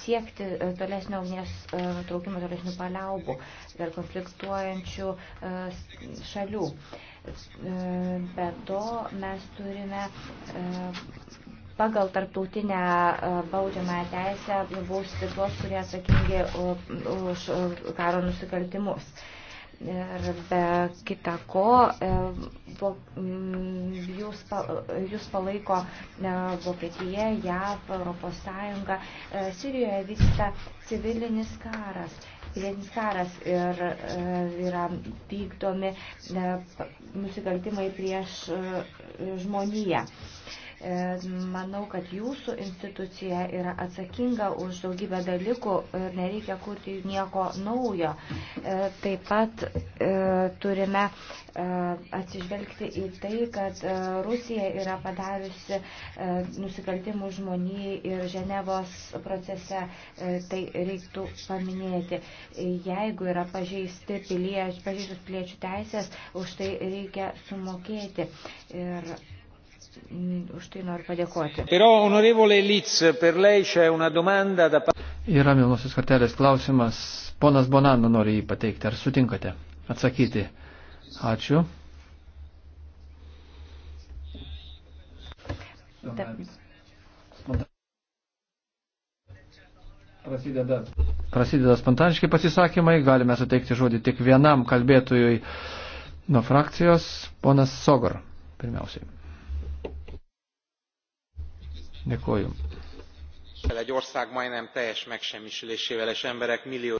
siekti tolesnio ugnies nutraukimo, tolesnių paliaubų ir konfliktuojančių šalių. Be to mes turime pagal tarptautinę e, baudžiamąją teisę bausti tuos, kurie atsakingi už e, karo nusikaltimus. Ir be kita ko, e, mm, jūs, jūs palaiko Vokietija, JAV, Europos Sąjunga. Sirijoje vyksta civilinis karas, pilietinis karas ir yra vykdomi nusikaltimai prieš žmoniją. E, manau, kad jūsų institucija yra atsakinga už daugybę dalykų ir nereikia kurti nieko naujo. E, taip pat e, turime atsižvelgti į tai, kad Rusija yra padariusi nusikaltimų žmonijai ir Ženevos procese, tai reiktų paminėti. Jeigu yra pažeisti piliečių, pažeistus piliečių teisės, už tai reikia sumokėti. Ir už tai noriu padėkoti. Pero, honorevole Litz, per lei c'è una domanda da... Yra Milosios kartelės klausimas. Ponas Bonanno nori jį pateikti. Ar sutinkate atsakyti? Ačiū. Prasideda. Prasideda spontaniški pasisakymai, galime suteikti žodį tik vienam kalbėtojui nuo frakcijos, ponas Sogor, pirmiausiai. Dėkuoju. Egy ország majdnem teljes megsemmisülésével és emberek millió.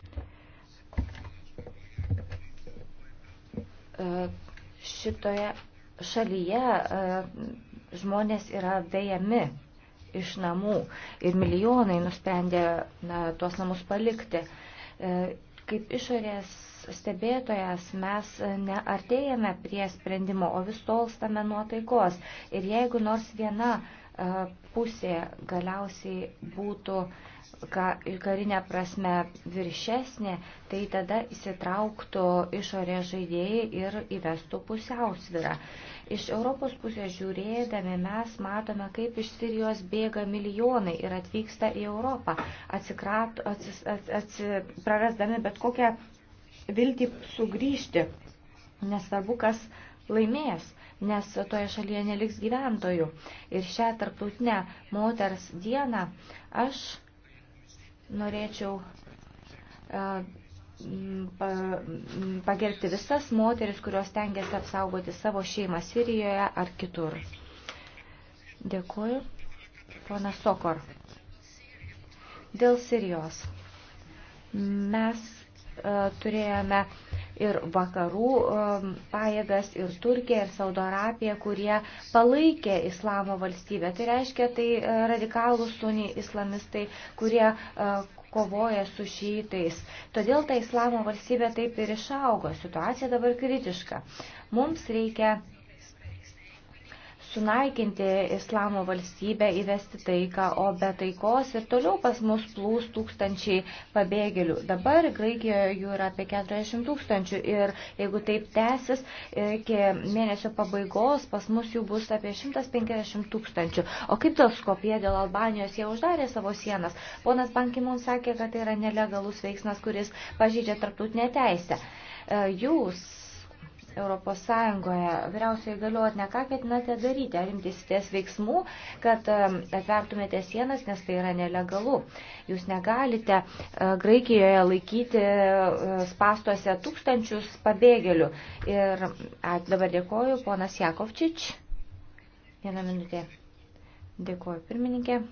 Šitoje šalyje žmonės yra vejami iš namų ir milijonai nusprendė na, tuos namus palikti. Kaip išorės stebėtojas mes neartėjame prie sprendimo, o vis tolstame nuo taikos. Ir jeigu nors viena E, pusė galiausiai būtų karinė prasme viršesnė, tai tada įsitrauktų išorės žaidėjai ir įvestų pusiausvyrą. Iš Europos pusės žiūrėdami mes matome, kaip iš Sirijos bėga milijonai ir atvyksta į Europą, atsikrat, atsis, ats, ats, prarasdami bet kokią viltį sugrįžti, nesvarbu, kas laimės nes toje šalyje neliks gyventojų. Ir šią tarptautinę moters dieną aš norėčiau e, pagerbti visas moteris, kurios tengiasi apsaugoti savo šeimą Sirijoje ar kitur. Dėkuoju. Pana Sokor. Dėl Sirijos. Mes e, turėjome ir vakarų um, pajėgas, ir Turkiją, ir Saudo Arabiją, kurie palaikė islamo valstybę. Tai reiškia, tai uh, radikalų suni islamistai, kurie uh, kovoja su šyitais. Todėl ta islamo valstybė taip ir išaugo. Situacija dabar kritiška. Mums reikia sunaikinti islamo valstybę, įvesti taiką, o be taikos ir toliau pas mus plūs tūkstančiai pabėgėlių. Dabar Graikijoje jų yra apie 40 tūkstančių ir jeigu taip tęsis, iki mėnesio pabaigos pas mus jų bus apie 150 tūkstančių. O kaip dėl Skopje, dėl Albanijos, jie uždarė savo sienas. Ponas Bankimon sakė, kad tai yra nelegalus veiksmas, kuris pažydžia tarptautinę teisę. E, jūs Europos Sąjungoje. Vyriausiai galiuot, ne ką ketinate daryti, ar imtisitės veiksmų, kad atvertumėte sienas, nes tai yra nelegalu. Jūs negalite e, Graikijoje laikyti e, spastuose tūkstančius pabėgėlių. Ir dabar dėkoju, ponas Jakovčič. Vieną minutę. Dėkoju, pirmininkė.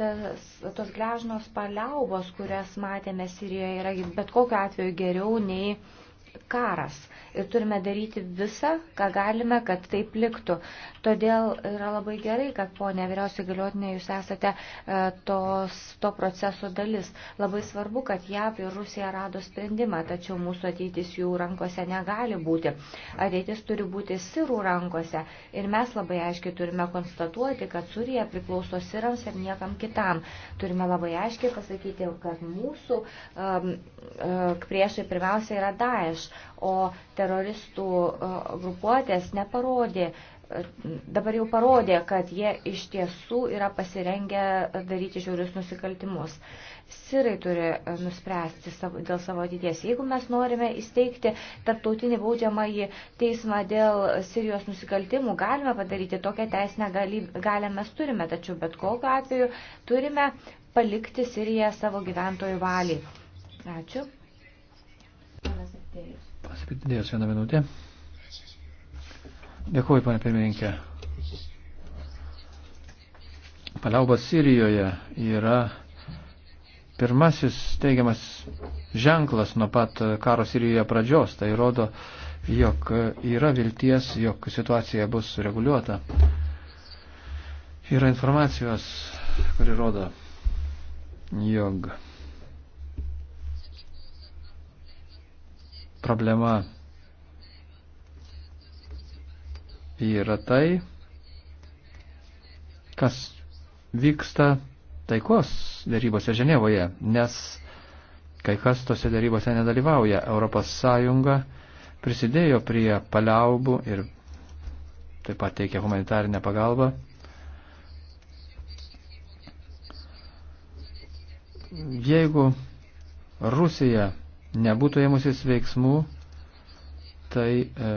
tas, tos gležnos paliaubos, kurias matėme Sirijoje, yra bet kokiu atveju geriau nei karas ir turime daryti visą, ką galime, kad taip liktų. Todėl yra labai gerai, kad ponė vyriausiai galiotinė jūs esate e, tos, to proceso dalis. Labai svarbu, kad JAV ir Rusija rado sprendimą, tačiau mūsų ateitis jų rankose negali būti. Ateitis turi būti sirų rankose ir mes labai aiškiai turime konstatuoti, kad Surija priklauso sirams ir niekam kitam. Turime labai aiškiai pasakyti, kad mūsų um, priešai pirmiausia yra Daesh, o teroristų grupuotės neparodė, dabar jau parodė, kad jie iš tiesų yra pasirengę daryti žiaurius nusikaltimus. Sirai turi e, nuspręsti savo, dėl savo ateities. Jeigu mes norime įsteigti tarptautinį baudžiamąjį teismą dėl Sirijos nusikaltimų, galime padaryti tokią teisinę galę mes turime, tačiau bet kokiu atveju turime palikti Siriją savo gyventojų valiai. Ačiū. Panas Atėjus. Panas tai Pitidėjus vieną minutę. Dėkuoju, panė pirmininkė. Paliaubas Sirijoje yra pirmasis teigiamas ženklas nuo pat karo Sirijoje pradžios. Tai rodo, jog yra vilties, jog situacija bus reguliuota. Yra informacijos, kuri rodo, jog Problema yra tai, kas vyksta taikos darybose Ženevoje, nes kai kas tose darybose nedalyvauja. Europos Sąjunga prisidėjo prie paliaubų ir taip pat teikia humanitarinę pagalbą. Jeigu Rusija nebūtų ėmusis veiksmų, tai e,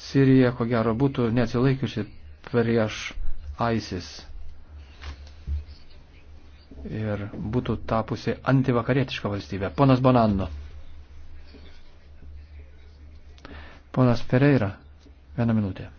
Sirija, ko gero, būtų neatsilaikiusi prieš ISIS ir būtų tapusi antivakarietiška valstybė. Ponas Bonanno. Ponas Pereira, vieną minutę.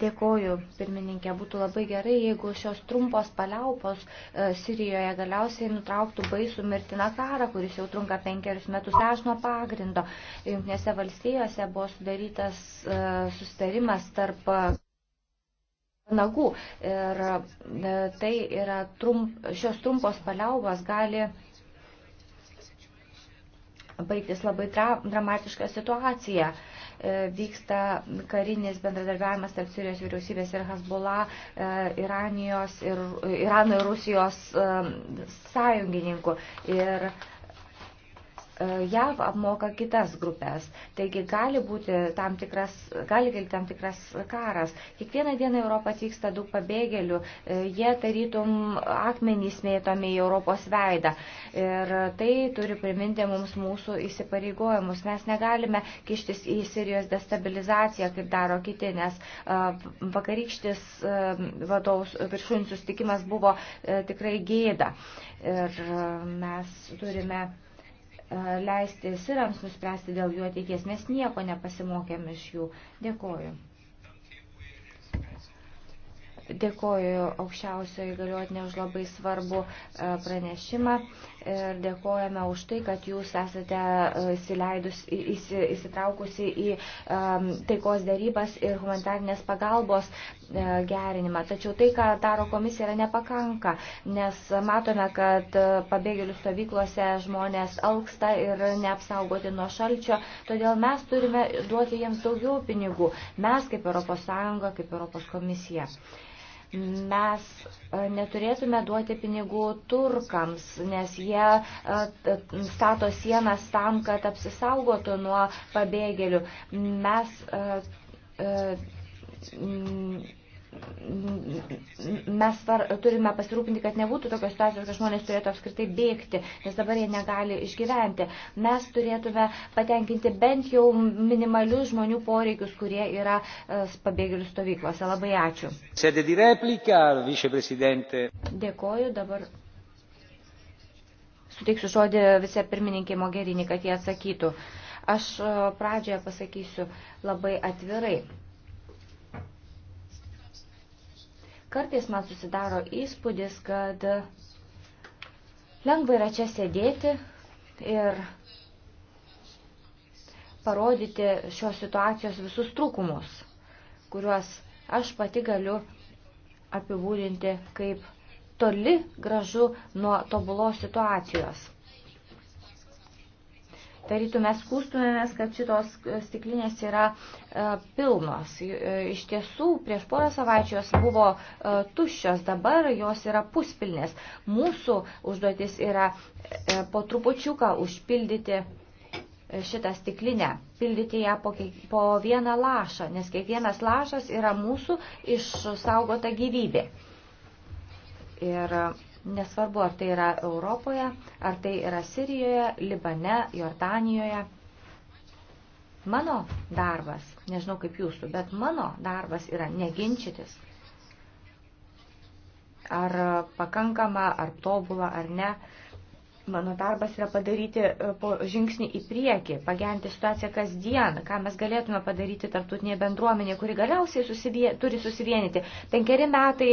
Dėkoju, pirmininkė. Būtų labai gerai, jeigu šios trumpos paliaupos e, Sirijoje galiausiai nutrauktų baisų mirtiną karą, kuris jau trunka penkerius metus dažno tai pagrindo. Junknėse valstijose buvo sudarytas e, sustarimas tarp e, nagų ir tai yra trump, šios trumpos paliaubos gali baigtis labai dra, dramatišką situaciją. Uh, E, vyksta karinis bendradarbiavimas tarp Sirijos vyriausybės ir Hezbollah, e, Iranijos ir Irano ir Rusijos e, sąjungininkų. Ir JAV apmoka kitas grupės. Taigi gali būti tam tikras, gali kilti tam tikras karas. Kiekvieną dieną Europą atvyksta daug pabėgėlių, e, jie tarytum akmenys mėtomi į Europos veidą. Ir tai turi priminti mums mūsų įsipareigojimus. Mes negalime kištis į Sirijos destabilizaciją, kaip daro kiti, nes e, vakarykštis e, vadovus viršūnių sustikimas buvo tikrai gėda. Ir mes turime E, leisti sirams nuspręsti dėl jų ateities. Mes nieko nepasimokėm iš jų. Dėkoju. Dėkoju aukščiausioje įgaliotinė už labai svarbu e, pranešimą ir dėkojame už tai, kad jūs esate e, įsileidus, įsi, įsitraukusi į um, taikos darybas ir humanitarnės pagalbos uh, gerinimą. Tačiau tai, ką daro komisija, yra nepakanka, nes matome, kad e, pabėgėlių stovyklose žmonės alksta ir neapsaugoti nuo šalčio, todėl mes turime duoti jiems daugiau pinigų. Mes kaip ES, kaip ES komisija. Mes e, neturėtume duoti pinigų turkams, nes jie e, stato sienas tam, kad apsisaugotų nuo pabėgėlių. Mes e, mes var, turime pasirūpinti, kad nebūtų tokios situacijos, kad žmonės turėtų apskritai bėgti, nes dabar jie negali išgyventi. Mes turėtume patenkinti bent jau minimalius žmonių poreikius, kurie yra e, pabėgėlių stovyklose. Labai ačiū. Sėdė di replika, viceprezidentė. Dėkoju dabar. Suteiksiu žodį vicepirmininkai Mogerinį, kad jie atsakytų. Aš e, pradžioje pasakysiu labai atvirai Kartais man susidaro įspūdis, kad lengva yra čia sėdėti ir parodyti šios situacijos visus trūkumus, kuriuos aš pati galiu apibūdinti kaip toli gražu nuo tobulos situacijos. Tarytų mes skūstumėmės, kad šitos stiklinės yra e, pilnos. E, iš tiesų, prieš porą savaičių jos buvo e, tuščios, dabar jos yra puspilnės. Mūsų užduotis yra po trupučiuką užpildyti šitą stiklinę, pildyti ją po, po vieną lašą, nes kiekvienas lašas yra mūsų išsaugota gyvybė. Ir Nesvarbu, ar tai yra Europoje, ar tai yra Sirijoje, Libane, Jordanijoje. Mano darbas, nežinau kaip jūsų, bet mano darbas yra neginčytis, ar pakankama, ar tobula, ar ne Mano darbas yra padaryti e, po žingsnį į priekį, pagerinti situaciją kasdien, ką mes galėtume padaryti tarptautinėje bendruomenėje, kuri galiausiai susivie, turi susivienyti. Penkeri metai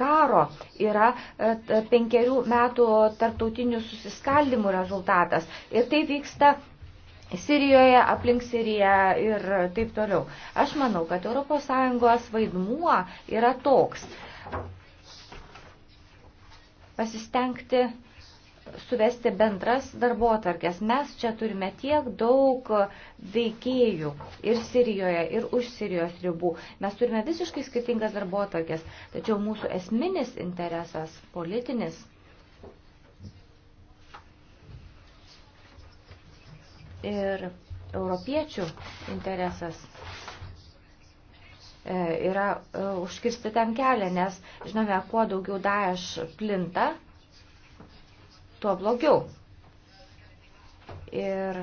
karo yra e, penkerių metų tarptautinių susiskaldimų rezultatas. Ir tai vyksta Sirijoje, aplink Siriją ir taip toliau. Aš manau, kad ES vaidmuo yra toks. Pasistengti suvesti bendras darbo atvarkės. Mes čia turime tiek daug veikėjų ir Sirijoje, ir už Sirijos ribų. Mes turime visiškai skirtingas darbo atvarkės, tačiau mūsų esminis interesas, politinis, ir europiečių interesas e, yra e, užkirsti tam kelią, nes žinome, kuo daugiau Daesh plinta, tuo blogiau. Ir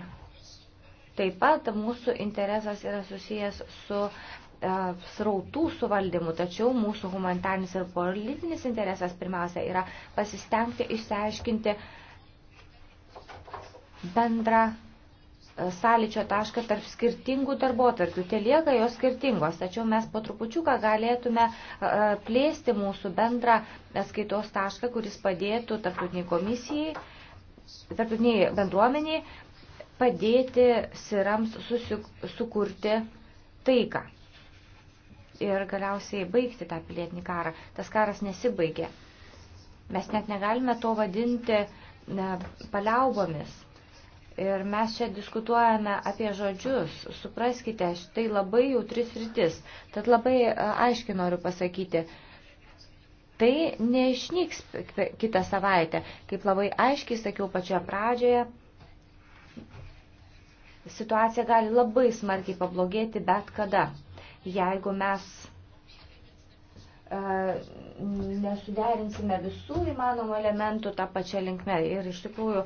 taip pat mūsų interesas yra susijęs su e, srautų suvaldymu, tačiau mūsų humanitarnis ir politinis interesas pirmiausia yra pasistengti išsiaiškinti bendrą sąlyčio tašką tarp skirtingų darbotvarkių. Tie lieka jos skirtingos, tačiau mes po trupučiuką galėtume plėsti mūsų bendrą skaitos tašką, kuris padėtų tarptautiniai komisijai, tarptautiniai bendruomeniai padėti sirams susik, sukurti taiką ir galiausiai baigti tą pilietinį karą. Tas karas nesibaigė. Mes net negalime to vadinti ne, paliaubomis Ir mes čia diskutuojame apie žodžius. Supraskite, tai labai jautris rytis. Tad labai e, aiškiai noriu pasakyti, tai neišnyks kitą savaitę. Kaip labai aiškiai sakiau pačioje pradžioje, situacija gali labai smarkiai pablogėti bet kada. Jeigu mes e, nesuderinsime visų įmanomų elementų tą pačią linkmę. Ir iš tikrųjų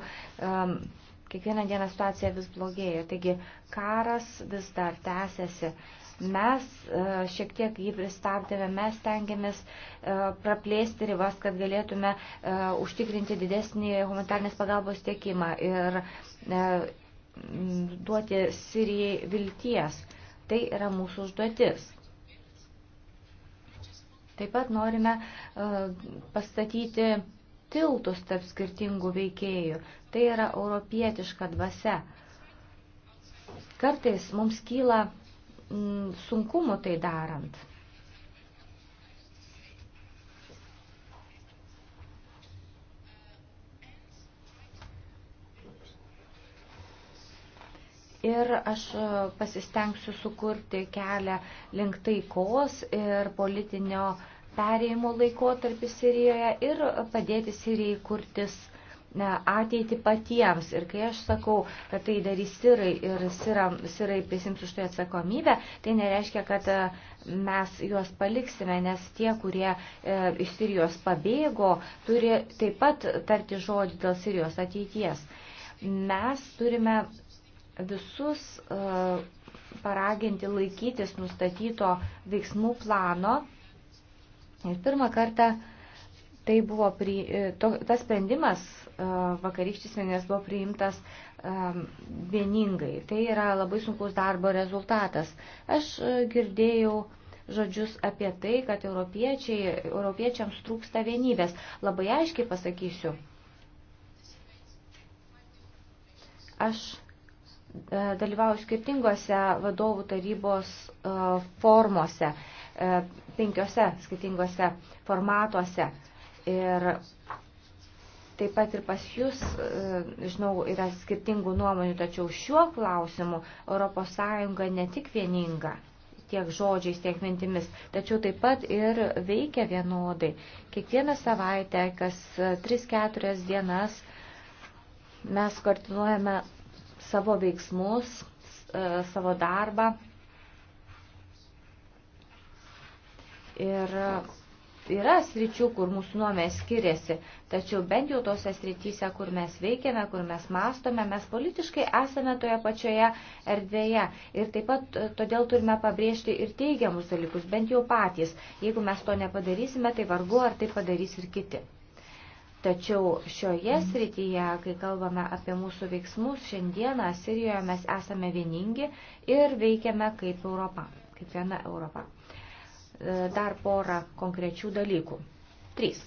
Kiekvieną dieną situacija vis blogėja, taigi karas vis dar tęsiasi. Mes e, šiek tiek jį pristabdėme, mes tengiamės e, praplėsti ribas, kad galėtume e, užtikrinti didesnį humanitarnės pagalbos tiekimą ir duoti Sirijai vilties. Tai yra mūsų užduotis. Taip pat norime pastatyti tiltus tarp skirtingų veikėjų. Tai yra europietiška dvasia. Kartais mums kyla mm, sunkumų tai darant. ir aš e, pasistengsiu sukurti kelią link taikos ir politinio perėjimo laikotarpį Sirijoje ir padėti Sirijai kurtis ateitį patiems. Ir kai aš sakau, kad tai darys sirai ir siram, sirai prisims už tai atsakomybę, tai nereiškia, kad e, mes juos paliksime, nes tie, kurie e, iš Sirijos pabėgo, turi taip pat tarti žodį dėl Sirijos ateities. Mes turime visus e, paraginti laikytis nustatyto veiksmų plano Ir pirmą kartą tai buvo pri, e, to, tas sprendimas e, vakarykštis vienės buvo priimtas e, vieningai. Tai yra labai sunkus darbo rezultatas. Aš girdėjau žodžius apie tai, kad europiečiams trūksta vienybės. Labai aiškiai pasakysiu. Aš dalyvauju skirtingose vadovų tarybos formuose E, penkiose skirtingose formatuose. Ir taip pat ir pas jūs, e, žinau, yra skirtingų nuomonių, tačiau šiuo klausimu ES ne tik vieninga tiek žodžiais, tiek mintimis, tačiau taip pat ir veikia vienodai. Kiekvieną savaitę, kas 3-4 dienas mes koordinuojame savo veiksmus, e, savo darbą Ir yra sričių, kur mūsų nuomė skiriasi, tačiau bent jau tose srityse, kur mes veikiame, kur mes mastome, mes politiškai esame toje pačioje erdvėje. Ir taip pat e, todėl turime pabrėžti ir teigiamus dalykus, bent jau patys. Jeigu mes to nepadarysime, tai vargu ar tai padarys ir kiti. Tačiau šioje srityje, kai kalbame apie mūsų veiksmus, šiandieną Sirijoje mes esame vieningi ir veikiame kaip Europa, kaip viena Europa. E, dar porą konkrečių dalykų. Trys.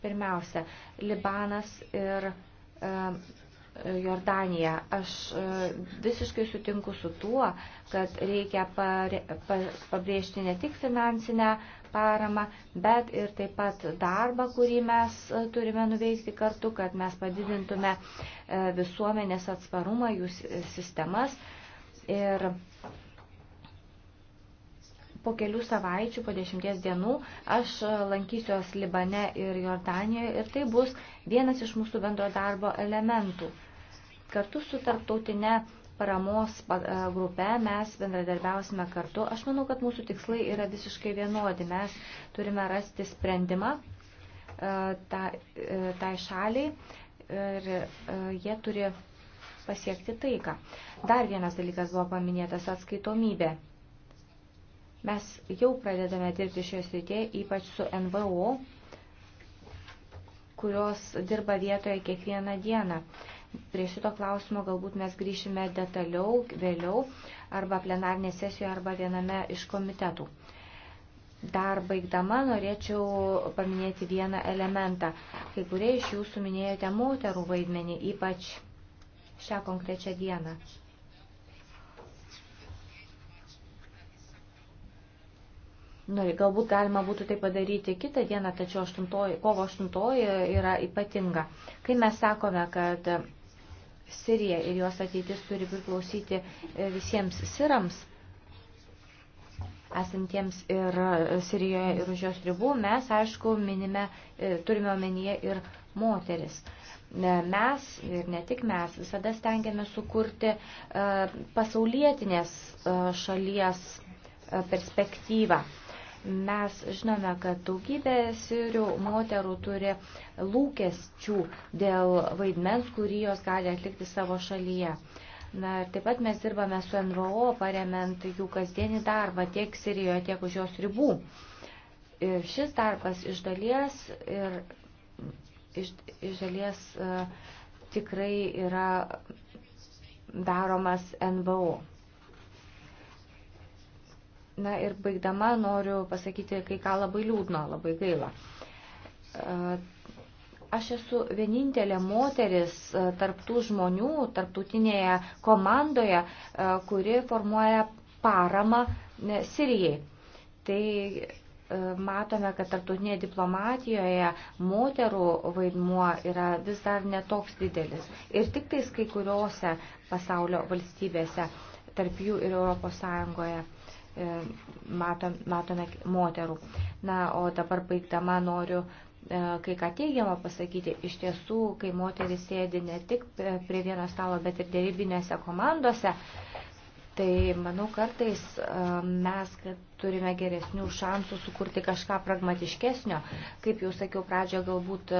Pirmiausia, Libanas ir e, Jordanija. Aš e, visiškai sutinku su tuo, kad reikia pabrėžti ne tik finansinę paramą, bet ir taip pat darbą, kurį mes turime nuveikti kartu, kad mes padidintume visuomenės atsparumą, jų sistemas. Ir po kelių savaičių, po dešimties dienų, aš e, lankysiuos Libane ir Jordanijoje ir tai bus vienas iš mūsų bendro darbo elementų. Kartu su tarptautinė paramos e, grupe mes bendradarbiausime kartu. Aš manau, kad mūsų tikslai yra visiškai vienodi. Mes turime rasti sprendimą e, tai šaliai ir jie turi pasiekti taiką. Dar vienas dalykas buvo paminėtas atskaitomybė Mes jau pradedame dirbti šioje srityje, ypač su NVO, kurios dirba vietoje kiekvieną dieną. Prie šito klausimo galbūt mes grįšime detaliau vėliau arba plenarnė sesijoje arba viename iš komitetų. Dar baigdama norėčiau paminėti vieną elementą. Kai kurie iš jūsų minėjote moterų vaidmenį, ypač šią konkrečią dieną. Nu, galbūt galima būtų tai padaryti kitą dieną, tačiau 8, kovo 8 yra ypatinga. Kai mes sakome, kad Sirija ir jos ateitis turi priklausyti e, visiems sirams, esantiems ir Sirijoje ir už jos ribų, mes, aišku, minime, e, turime omenyje ir moteris. Mes ir ne tik mes visada stengiame sukurti e, pasaulietinės šalies perspektyvą. Mes žinome, kad daugybė sirių moterų turi lūkesčių dėl vaidmens, kurį jos gali atlikti savo šalyje. Na ir taip pat mes dirbame su NVO, paremiant jų kasdienį darbą tiek Sirijoje, tiek už jos ribų. Ir šis darbas iš dalies ir iš, iš dalies uh, tikrai yra daromas NVO. Na ir baigdama noriu pasakyti kai ką labai liūdno, labai gaila. E, aš esu vienintelė moteris e, tarptų žmonių, tarptautinėje komandoje, e, kuri formuoja paramą Sirijai. Tai matome, kad tarptautinėje diplomatijoje moterų vaidmuo yra vis dar netoks didelis. Ir tik tais kai kuriuose pasaulio valstybėse, tarp jų ir Europos Sąjungoje. E, matome moterų. Na, o dabar baigdama noriu e, kai ką teigiamą pasakyti, iš tiesų, kai moteris sėdi ne tik prie vieno stalo, bet ir dėrybinėse komandose, tai manau kartais e, mes turime geresnių šansų sukurti kažką pragmatiškesnio. Kaip jau sakiau pradžioje, galbūt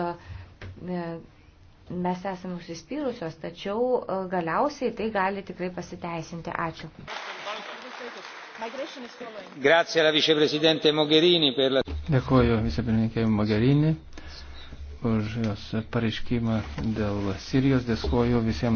mes esame užsispyrusios, tačiau galiausiai tai gali tikrai pasiteisinti. Ačiū. Grazie alla viceprezidente Mogherini per la. Dėkuoju vicepirmininkė Mogherini už jos pareiškimą dėl Sirijos. Dėkuoju visiems.